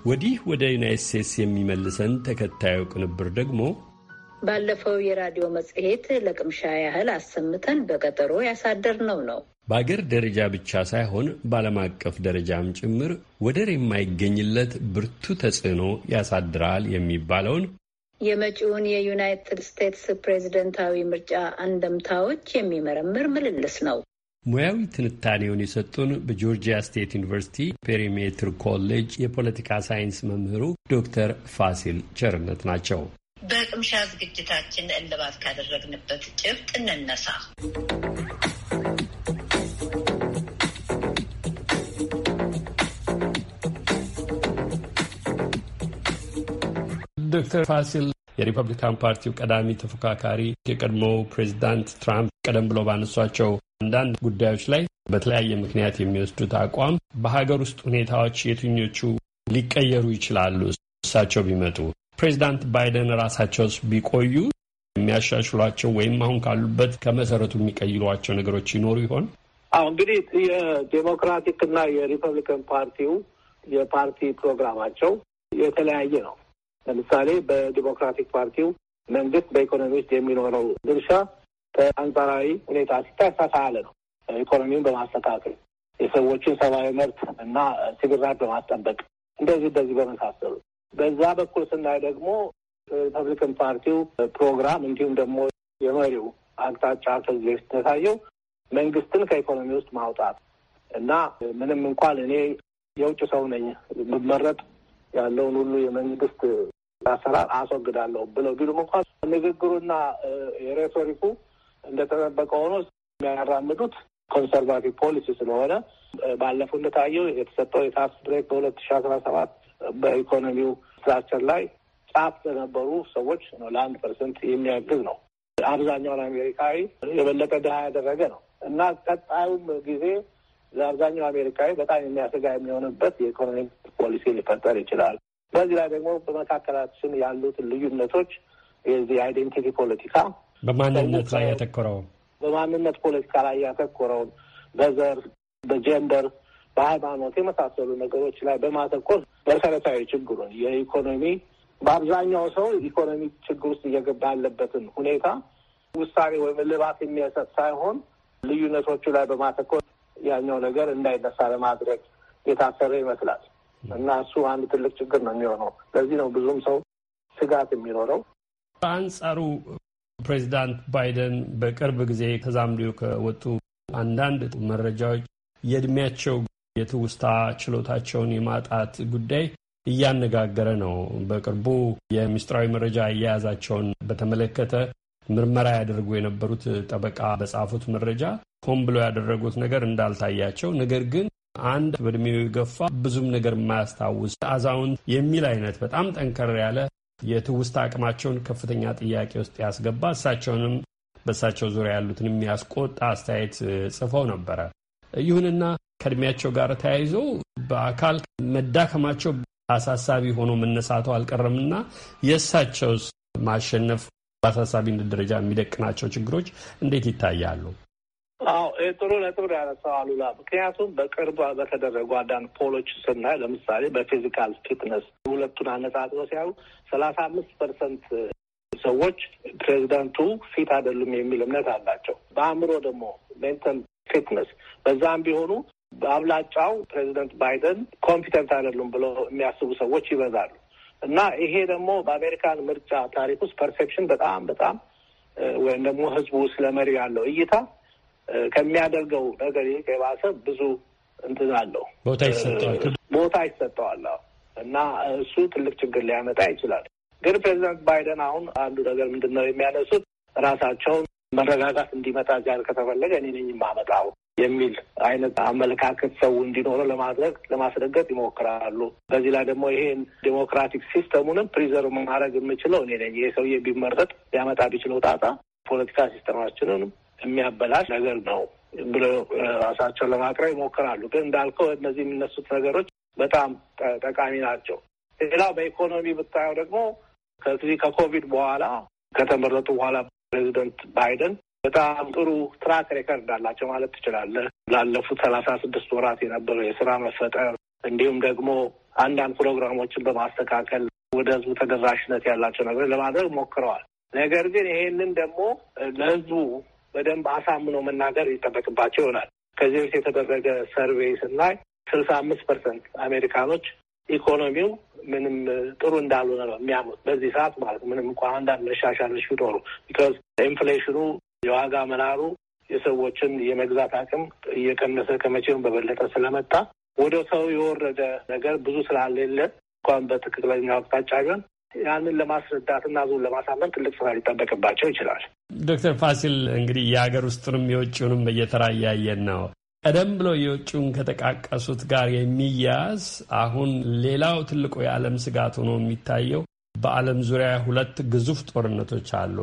[SPEAKER 1] ወዲህ ወደ ዩናይት ስቴትስ የሚመልሰን ተከታዩ ቅንብር ደግሞ
[SPEAKER 2] ባለፈው የራዲዮ መጽሔት ለቅምሻ ያህል አሰምተን በቀጠሮ ያሳደርነው ነው።
[SPEAKER 1] በአገር ደረጃ ብቻ ሳይሆን በዓለም አቀፍ ደረጃም ጭምር ወደር የማይገኝለት ብርቱ ተጽዕኖ ያሳድራል የሚባለውን
[SPEAKER 2] የመጪውን የዩናይትድ ስቴትስ ፕሬዝደንታዊ ምርጫ አንደምታዎች የሚመረምር ምልልስ ነው።
[SPEAKER 1] ሙያዊ ትንታኔውን የሰጡን በጆርጂያ ስቴት ዩኒቨርሲቲ ፔሪሜትር ኮሌጅ የፖለቲካ ሳይንስ መምህሩ ዶክተር ፋሲል ቸርነት ናቸው።
[SPEAKER 6] በቅምሻ
[SPEAKER 2] ዝግጅታችን እልባት ካደረግንበት ጭብጥ እንነሳ።
[SPEAKER 1] ዶክተር ፋሲል የሪፐብሊካን ፓርቲው ቀዳሚ ተፎካካሪ የቀድሞው ፕሬዚዳንት ትራምፕ ቀደም ብሎ ባነሷቸው አንዳንድ ጉዳዮች ላይ በተለያየ ምክንያት የሚወስዱት አቋም በሀገር ውስጥ ሁኔታዎች የትኞቹ ሊቀየሩ ይችላሉ እሳቸው ቢመጡ ፕሬዚዳንት ባይደን ራሳቸውስ ቢቆዩ የሚያሻሽሏቸው ወይም አሁን ካሉበት ከመሰረቱ የሚቀይሏቸው ነገሮች ይኖሩ ይሆን?
[SPEAKER 8] አሁ እንግዲህ የዴሞክራቲክ እና የሪፐብሊካን ፓርቲው የፓርቲ ፕሮግራማቸው የተለያየ ነው። ለምሳሌ በዲሞክራቲክ ፓርቲው መንግስት በኢኮኖሚ ውስጥ የሚኖረው ድርሻ ከአንጻራዊ ሁኔታ ሲታይ ሰፋ ያለ ነው። ኢኮኖሚውን በማስተካከል የሰዎችን ሰብአዊ መብት እና ሲቪል ራይት በማስጠበቅ እንደዚህ እንደዚህ በመሳሰሉ በዛ በኩል ስናይ ደግሞ ሪፐብሊካን ፓርቲው ፕሮግራም እንዲሁም ደግሞ የመሪው አቅጣጫ ከዚህ በፊት መንግስትን ከኢኮኖሚ ውስጥ ማውጣት እና ምንም እንኳን እኔ የውጭ ሰው ነኝ ብመረጥ ያለውን ሁሉ የመንግስት አሰራር አስወግዳለሁ ብለው ቢሉም እንኳን ንግግሩና የሬቶሪኩ እንደተጠበቀ ሆኖ የሚያራምዱት ኮንሰርቫቲቭ ፖሊሲ ስለሆነ ባለፈው እንደታየው የተሰጠው የታክስ ብሬክ በሁለት ሺ አስራ ሰባት በኢኮኖሚው ስትራክቸር ላይ ጫፍ ለነበሩ ሰዎች ነው ለአንድ ፐርሰንት የሚያግዝ ነው። አብዛኛውን አሜሪካዊ የበለጠ ድሃ ያደረገ ነው እና ቀጣዩም ጊዜ ለአብዛኛው አሜሪካዊ በጣም የሚያሰጋ የሚሆንበት የኢኮኖሚ ፖሊሲ ሊፈጠር ይችላል። በዚህ ላይ ደግሞ በመካከላችን ያሉት ልዩነቶች የዚህ አይዴንቲቲ ፖለቲካ
[SPEAKER 1] በማንነት ላይ ያተኮረውን
[SPEAKER 8] በማንነት ፖለቲካ ላይ ያተኮረውን በዘር፣ በጀንደር በሃይማኖት የመሳሰሉ ነገሮች ላይ በማተኮር መሰረታዊ ችግሩን የኢኮኖሚ በአብዛኛው ሰው ኢኮኖሚ ችግር ውስጥ እየገባ ያለበትን ሁኔታ ውሳኔ ወይም ልባት የሚያሰጥ ሳይሆን ልዩነቶቹ ላይ በማተኮር ያኛው ነገር እንዳይነሳ ለማድረግ የታሰረ ይመስላል እና እሱ አንድ ትልቅ ችግር ነው የሚሆነው። ለዚህ ነው ብዙም ሰው ስጋት የሚኖረው።
[SPEAKER 1] በአንጻሩ ፕሬዚዳንት ባይደን በቅርብ ጊዜ ተዛምዶ ከወጡ አንዳንድ መረጃዎች የእድሜያቸው የትውስታ ችሎታቸውን የማጣት ጉዳይ እያነጋገረ ነው። በቅርቡ የምስጢራዊ መረጃ አያያዛቸውን በተመለከተ ምርመራ ያደርጉ የነበሩት ጠበቃ በጻፉት መረጃ ሆን ብሎ ያደረጉት ነገር እንዳልታያቸው ነገር ግን አንድ በእድሜው የገፋ ብዙም ነገር የማያስታውስ አዛውንት የሚል አይነት በጣም ጠንከር ያለ የትውስታ አቅማቸውን ከፍተኛ ጥያቄ ውስጥ ያስገባ እሳቸውንም በእሳቸው ዙሪያ ያሉትን የሚያስቆጣ አስተያየት ጽፈው ነበረ። ይሁንና ከእድሜያቸው ጋር ተያይዞ በአካል መዳከማቸው አሳሳቢ ሆኖ መነሳቱ አልቀረምና የእሳቸውስ ማሸነፍ በአሳሳቢነት ደረጃ የሚደቅናቸው ችግሮች እንዴት ይታያሉ?
[SPEAKER 8] አዎ ጥሩ ነጥብ ያነሳው አሉላ። ምክንያቱም በቅርብ በተደረጉ አንዳንድ ፖሎች ስናይ ለምሳሌ በፊዚካል ፊትነስ ሁለቱን አነጻጽሮ ሲያዩ ሰላሳ አምስት ፐርሰንት ሰዎች ፕሬዚደንቱ ፊት አይደሉም የሚል እምነት አላቸው። በአእምሮ ደግሞ ሜንታል ፊትነስ በዛም ቢሆኑ በአብላጫው ፕሬዚደንት ባይደን ኮምፒተንት አይደሉም ብለው የሚያስቡ ሰዎች ይበዛሉ እና ይሄ ደግሞ በአሜሪካን ምርጫ ታሪክ ውስጥ ፐርሴፕሽን በጣም በጣም ወይም ደግሞ ህዝቡ ስለ መሪ ያለው እይታ ከሚያደርገው ነገር ይልቅ የባሰ ብዙ እንትን አለው ቦታ ይሰጠዋል ቦታ ይሰጠዋል እና እሱ ትልቅ ችግር ሊያመጣ ይችላል። ግን ፕሬዚዳንት ባይደን አሁን አንዱ ነገር ምንድን ነው የሚያነሱት ራሳቸውን መረጋጋት እንዲመጣ ጃር ከተፈለገ እኔ ነኝ የማመጣው የሚል አይነት አመለካከት ሰው እንዲኖረው ለማድረግ ለማስደገፍ ይሞክራሉ። በዚህ ላይ ደግሞ ይሄን ዴሞክራቲክ ሲስተሙንም ፕሪዘር ማድረግ የምችለው እኔ ነኝ። ይሄ ሰውዬ ቢመረጥ ሊያመጣ ቢችለው ጣጣ ፖለቲካ ሲስተማችንን የሚያበላሽ ነገር ነው ብሎ ራሳቸውን ለማቅረብ ይሞክራሉ። ግን እንዳልከው እነዚህ የሚነሱት ነገሮች በጣም ጠቃሚ ናቸው። ሌላው በኢኮኖሚ ብታየው ደግሞ ከዚህ ከኮቪድ በኋላ ከተመረጡ በኋላ ፕሬዚደንት ባይደን በጣም ጥሩ ትራክ ሬከርድ አላቸው ማለት ትችላለህ። ላለፉት ሰላሳ ስድስት ወራት የነበረው የስራ መፈጠር እንዲሁም ደግሞ አንዳንድ ፕሮግራሞችን በማስተካከል ወደ ህዝቡ ተደራሽነት ያላቸው ነገር ለማድረግ ሞክረዋል። ነገር ግን ይሄንን ደግሞ ለህዝቡ በደንብ አሳምኖ መናገር ይጠበቅባቸው ይሆናል። ከዚህ በፊት የተደረገ ሰርቬይ ስናይ ስልሳ አምስት ፐርሰንት አሜሪካኖች ኢኮኖሚው ምንም ጥሩ እንዳልሆነ ነው የሚያምኑት በዚህ ሰዓት ማለት ምንም እንኳ አንዳንድ መሻሻሎች ቢኖሩ ቢካዝ ኢንፍሌሽኑ የዋጋ መናሩ የሰዎችን የመግዛት አቅም እየቀነሰ ከመቼም በበለጠ ስለመጣ ወደ ሰው የወረደ ነገር ብዙ ስላሌለ እንኳን በትክክለኛ አቅጣጫ ቢሆን ያንን እና ዙ ለማሳመን ትልቅ ስራ ሊጠበቅባቸው ይችላል።
[SPEAKER 1] ዶክተር ፋሲል እንግዲህ የሀገር ውስጡንም የውጭውንም በየተራ እያየን ነው። ቀደም ብሎ የውጭውን ከጠቃቀሱት ጋር የሚያያዝ አሁን ሌላው ትልቁ የዓለም ስጋት ሆኖ የሚታየው በዓለም ዙሪያ ሁለት ግዙፍ ጦርነቶች አሉ።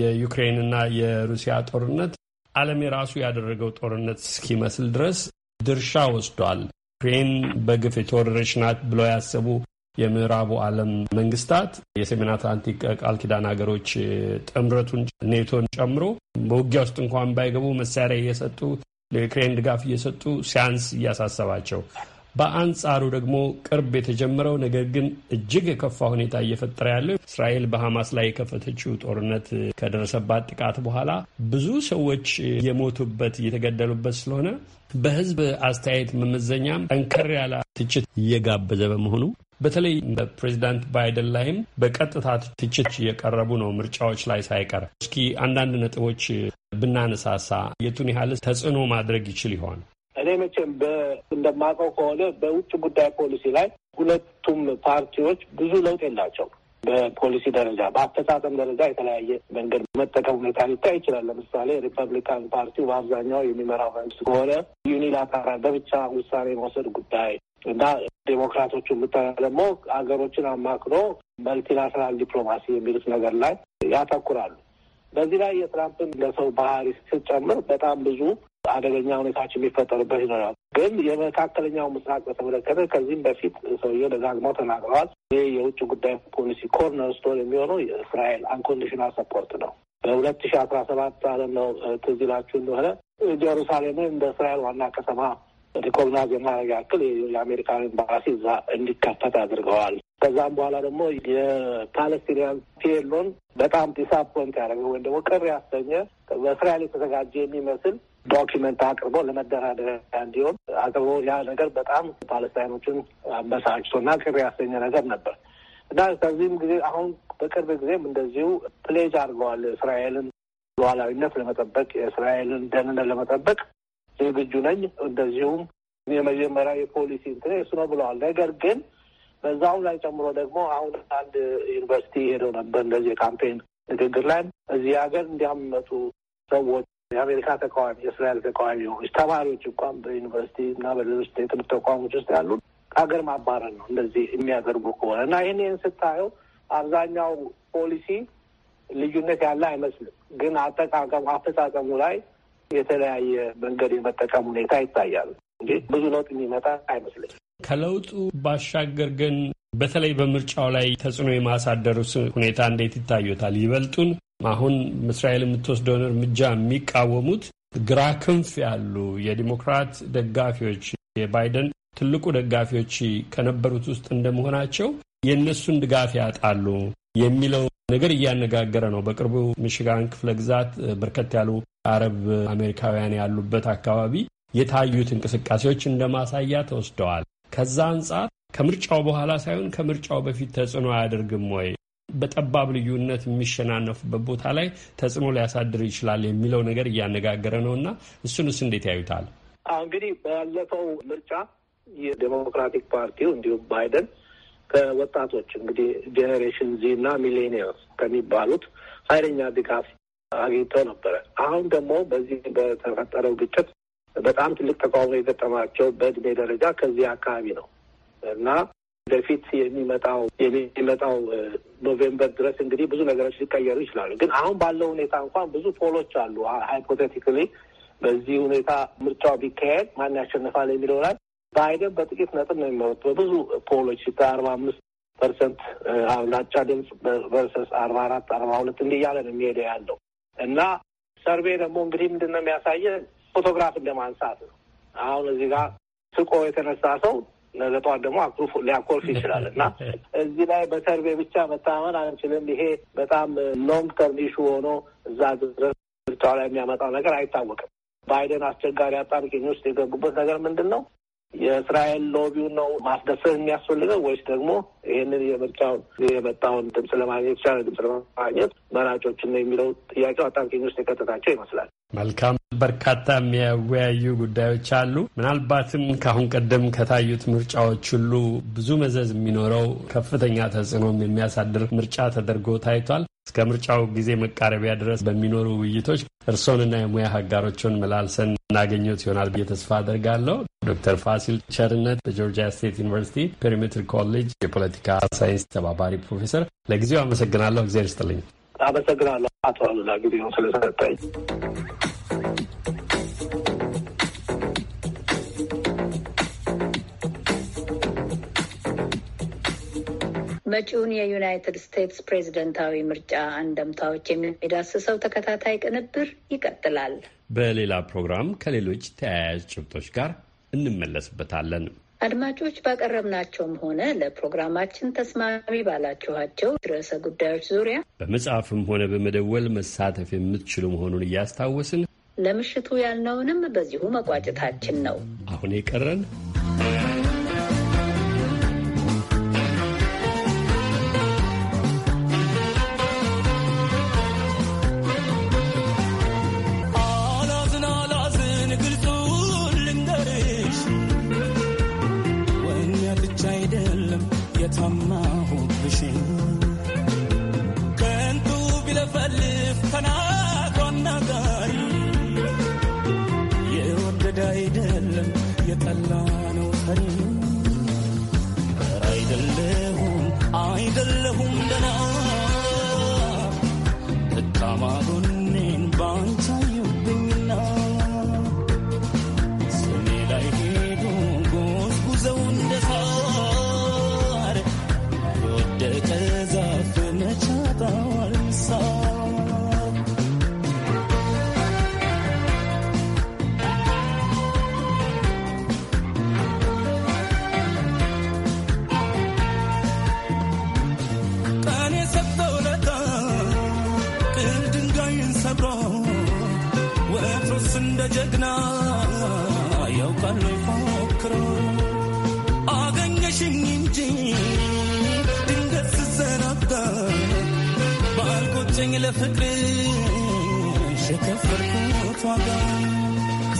[SPEAKER 1] የዩክሬንና የሩሲያ ጦርነት ዓለም የራሱ ያደረገው ጦርነት እስኪመስል ድረስ ድርሻ ወስዷል። ዩክሬን በግፍ የተወረረች ናት ብለው ያሰቡ የምዕራቡ ዓለም መንግስታት የሰሜን አትላንቲክ ቃል ኪዳን ሀገሮች ጥምረቱን ኔቶን ጨምሮ በውጊያ ውስጥ እንኳን ባይገቡ መሳሪያ እየሰጡ ለዩክሬን ድጋፍ እየሰጡ ሲያንስ እያሳሰባቸው በአንጻሩ ደግሞ ቅርብ የተጀመረው ነገር ግን እጅግ የከፋ ሁኔታ እየፈጠረ ያለው እስራኤል በሐማስ ላይ የከፈተችው ጦርነት ከደረሰባት ጥቃት በኋላ ብዙ ሰዎች የሞቱበት እየተገደሉበት ስለሆነ በሕዝብ አስተያየት መመዘኛም ጠንከር ያለ ትችት እየጋበዘ በመሆኑ በተለይ በፕሬዚዳንት ባይደን ላይም በቀጥታ ትችት እየቀረቡ ነው። ምርጫዎች ላይ ሳይቀር እስኪ አንዳንድ ነጥቦች ብናነሳሳ የቱን ያህል ተጽዕኖ ማድረግ ይችል ይሆን?
[SPEAKER 8] እኔ መቼም እንደማውቀው ከሆነ በውጭ ጉዳይ ፖሊሲ ላይ ሁለቱም ፓርቲዎች ብዙ ለውጥ የላቸው። በፖሊሲ ደረጃ በአፈጻጸም ደረጃ የተለያየ መንገድ መጠቀም ሁኔታ ሊታይ ይችላል። ለምሳሌ ሪፐብሊካን ፓርቲው በአብዛኛው የሚመራው መንግስት ከሆነ ዩኒላተራል በብቻ ውሳኔ መውሰድ ጉዳይ እና ዴሞክራቶቹ ብታይ ደግሞ ሀገሮችን አማክሮ መልቲላተራል ዲፕሎማሲ የሚሉት ነገር ላይ ያተኩራሉ። በዚህ ላይ የትራምፕን ለሰው ባህሪ ስትጨምር በጣም ብዙ አደገኛ ሁኔታዎች የሚፈጠሩበት ይኖራል። ግን የመካከለኛው ምስራቅ በተመለከተ ከዚህም በፊት ሰውየ ደጋግመው ተናግረዋል። ይህ የውጭ ጉዳይ ፖሊሲ ኮርነር ስቶን የሚሆነው የእስራኤል አንኮንዲሽናል ሰፖርት ነው። በሁለት ሺ አስራ ሰባት አለም ነው ትዝ ይላችሁ እንደሆነ ጀሩሳሌምን እንደ እስራኤል ዋና ከተማ ሪኮግናዝ የማድረግ ያክል የአሜሪካን ኤምባሲ እዛ እንዲከፈት አድርገዋል። ከዛም በኋላ ደግሞ የፓለስቲንያን ፒሎን በጣም ዲሳፖንት ያደረገ ወይም ደግሞ ቅር ያሰኘ በእስራኤል የተዘጋጀ የሚመስል ዶኪመንት አቅርቦ ለመደራደሪያ እንዲሆን አቅርቦ ያ ነገር በጣም ፓለስታይኖችን አበሳጭቶና ቅር ያሰኘ ነገር ነበር እና ከዚህም ጊዜ አሁን በቅርብ ጊዜም እንደዚሁ ፕሌጅ አድርገዋል። እስራኤልን ሉዓላዊነት ለመጠበቅ የእስራኤልን ደህንነት ለመጠበቅ ዝግጁ ነኝ፣ እንደዚሁም የመጀመሪያ የፖሊሲ እንትን እሱ ነው ብለዋል። ነገር ግን በዛው ላይ ጨምሮ ደግሞ አሁን አንድ ዩኒቨርሲቲ ሄደው ነበር እንደዚህ የካምፔን ንግግር ላይ እዚህ ሀገር እንዲያመጡ ሰዎች የአሜሪካ ተቃዋሚ፣ የእስራኤል ተቃዋሚዎች፣ ተማሪዎች እንኳን በዩኒቨርሲቲ እና በሌሎች የትምህርት ተቋሞች ውስጥ ያሉ ሀገር ማባረር ነው እንደዚህ የሚያደርጉ ከሆነ እና ይህንን ስታየው አብዛኛው ፖሊሲ ልዩነት ያለ አይመስልም። ግን አጠቃቀሙ አፈጻጸሙ ላይ የተለያየ መንገድ የመጠቀም ሁኔታ ይታያል እንጂ ብዙ ለውጥ የሚመጣ አይመስልም።
[SPEAKER 1] ከለውጡ ባሻገር ግን በተለይ በምርጫው ላይ ተጽዕኖ የማሳደሩ ሁኔታ እንዴት ይታዩታል? ይበልጡን አሁን እስራኤል የምትወስደውን እርምጃ የሚቃወሙት ግራ ክንፍ ያሉ የዲሞክራት ደጋፊዎች የባይደን ትልቁ ደጋፊዎች ከነበሩት ውስጥ እንደመሆናቸው የእነሱን ድጋፍ ያጣሉ የሚለው ነገር እያነጋገረ ነው። በቅርቡ ሚሽጋን ክፍለ ግዛት በርከት ያሉ አረብ አሜሪካውያን ያሉበት አካባቢ የታዩት እንቅስቃሴዎች እንደማሳያ ተወስደዋል። ከዛ አንጻር ከምርጫው በኋላ ሳይሆን ከምርጫው በፊት ተጽዕኖ አያደርግም ወይ? በጠባብ ልዩነት የሚሸናነፉበት ቦታ ላይ ተጽዕኖ ሊያሳድር ይችላል የሚለው ነገር እያነጋገረ ነው እና እሱን እሱ እንዴት
[SPEAKER 8] ያዩታል? እንግዲህ ባለፈው ምርጫ የዴሞክራቲክ ፓርቲው እንዲሁም ባይደን ከወጣቶች እንግዲህ ጄኔሬሽን ዚ እና ሚሌኒየርስ ከሚባሉት ኃይለኛ ድጋፍ አግኝተው ነበረ። አሁን ደግሞ በዚህ በተፈጠረው ግጭት በጣም ትልቅ ተቃውሞ የገጠማቸው በእድሜ ደረጃ ከዚህ አካባቢ ነው እና ወደፊት የሚመጣው የሚመጣው ኖቬምበር ድረስ እንግዲህ ብዙ ነገሮች ሊቀየሩ ይችላሉ። ግን አሁን ባለው ሁኔታ እንኳን ብዙ ፖሎች አሉ። ሃይፖቴቲካሊ በዚህ ሁኔታ ምርጫው ቢካሄድ ማን ያሸንፋል የሚለው ላይ ባይደን በጥቂት ነጥብ ነው የሚመሩት። በብዙ ፖሎች ሲታይ አርባ አምስት ፐርሰንት ላጫ ድምፅ ቨርሰስ አርባ አራት አርባ ሁለት እንዲህ እያለ ነው የሚሄደ ያለው እና ሰርቬ ደግሞ እንግዲህ ምንድን ነው የሚያሳየ ፎቶግራፍ እንደማንሳት ነው። አሁን እዚህ ጋር ስቆ የተነሳ ሰው ነገ ደግሞ አኩርፍ ሊያኮርፍ ይችላል እና (laughs) እዚህ ላይ በሰርቬ ብቻ መታመን አንችልም። ይሄ በጣም ሎንግ ተርም ኢሹ ሆኖ እዛ ድረስ ምርጫው ላይ የሚያመጣው ነገር አይታወቅም። ባይደን አስቸጋሪ አጣብቂኝ ውስጥ የገቡበት ነገር ምንድን ነው? የእስራኤል ሎቢውን ነው ማስደሰት የሚያስፈልገው ወይስ ደግሞ ይህንን የምርጫውን የመጣውን ድምፅ ለማግኘት የተሻለ ድምፅ ለማግኘት መራጮችን የሚለው ጥያቄው አጣብቂኝ ውስጥ የከተታቸው ይመስላል።
[SPEAKER 1] መልካም። በርካታ የሚያወያዩ ጉዳዮች አሉ። ምናልባትም ከአሁን ቀደም ከታዩት ምርጫዎች ሁሉ ብዙ መዘዝ የሚኖረው ከፍተኛ ተጽዕኖም የሚያሳድር ምርጫ ተደርጎ ታይቷል። እስከ ምርጫው ጊዜ መቃረቢያ ድረስ በሚኖሩ ውይይቶች እርስዎንና የሙያ አጋሮችን መላልሰን እናገኘት ይሆናል ብዬ ተስፋ አደርጋለሁ። ዶክተር ፋሲል ቸርነት በጆርጂያ ስቴት ዩኒቨርሲቲ ፔሪሜትር ኮሌጅ የፖለቲካ ሳይንስ ተባባሪ ፕሮፌሰር፣ ለጊዜው አመሰግናለሁ። እግዚአብሔር ይስጥልኝ።
[SPEAKER 8] አመሰግናለሁ አቶ አሉላ ጊዜው ስለሰጠኝ።
[SPEAKER 2] መጪውን የዩናይትድ ስቴትስ ፕሬዚደንታዊ ምርጫ አንደምታዎች የሚዳስሰው ተከታታይ ቅንብር ይቀጥላል።
[SPEAKER 1] በሌላ ፕሮግራም ከሌሎች ተያያዥ ጭብጦች ጋር እንመለስበታለን።
[SPEAKER 2] አድማጮች ባቀረብናቸውም ሆነ ለፕሮግራማችን ተስማሚ ባላችኋቸው ርዕሰ ጉዳዮች ዙሪያ
[SPEAKER 1] በመጽሐፍም ሆነ በመደወል መሳተፍ የምትችሉ መሆኑን እያስታወስን
[SPEAKER 2] ለምሽቱ ያልነውንም በዚሁ መቋጨታችን ነው። አሁን የቀረን
[SPEAKER 7] ጀግና ያውቃል ፎክሮ አገኘሽኝ እንጂ ድንገት ስሰናዳ ባልቆጨኝ ለፍቅርሽ የከፈልኩት ዋጋ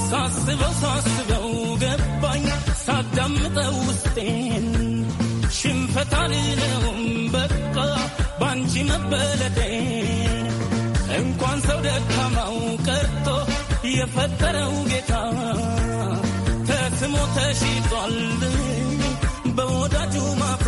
[SPEAKER 7] ሳስበው ሳስበው ገባኝ ሳዳምጠው ውስጤን ሽንፈት አልለውም በቃ ባንቺ መበለጤ እንኳን ሰው ደካማው ቀርቶ የፈጠረው ጌታ ተስሞ ተሽጧል በወዳጁ ማታ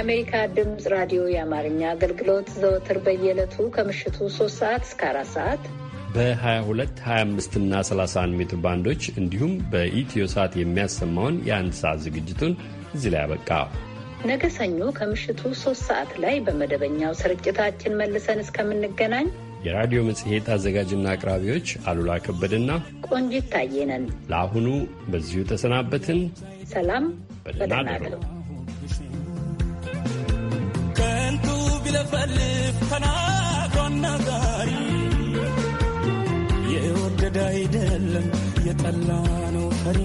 [SPEAKER 2] የአሜሪካ ድምፅ ራዲዮ የአማርኛ አገልግሎት ዘወትር በየዕለቱ ከምሽቱ 3 ሰዓት እስከ 4 ሰዓት
[SPEAKER 1] በ22፣ 25 እና 31 ሜትር ባንዶች እንዲሁም በኢትዮ ሰዓት የሚያሰማውን የአንድ ሰዓት ዝግጅቱን እዚህ ላይ ያበቃ።
[SPEAKER 2] ነገ ሰኞ ከምሽቱ 3 ሰዓት ላይ በመደበኛው ስርጭታችን መልሰን እስከምንገናኝ
[SPEAKER 1] የራዲዮ መጽሔት አዘጋጅና አቅራቢዎች አሉላ ከበድና
[SPEAKER 2] ቆንጂት ታየነን
[SPEAKER 1] ለአሁኑ በዚሁ ተሰናበትን።
[SPEAKER 2] ሰላም፣
[SPEAKER 7] በደህና እደሩ። ሲለፈልፍ ተናግሮ አናጋሪ የወደደ አይደለም የጠላ ነው ፈሪ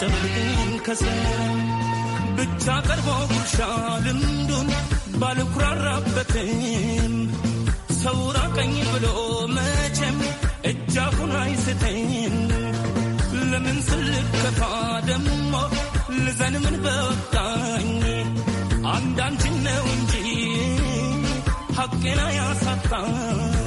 [SPEAKER 7] ጠብቀን ከሰል ብቻ ቀርቦ ጉርሻ ልምዱን ባልኩራራበትም ሰው ራቀኝ ብሎ መቼም እጃፉን አይስተኝም። ለምን ስልከፋ ደሞ ልዘን ምን በወጣኝ አንዳንችን ነው እንጂ ሐቄና ያሳጣኝ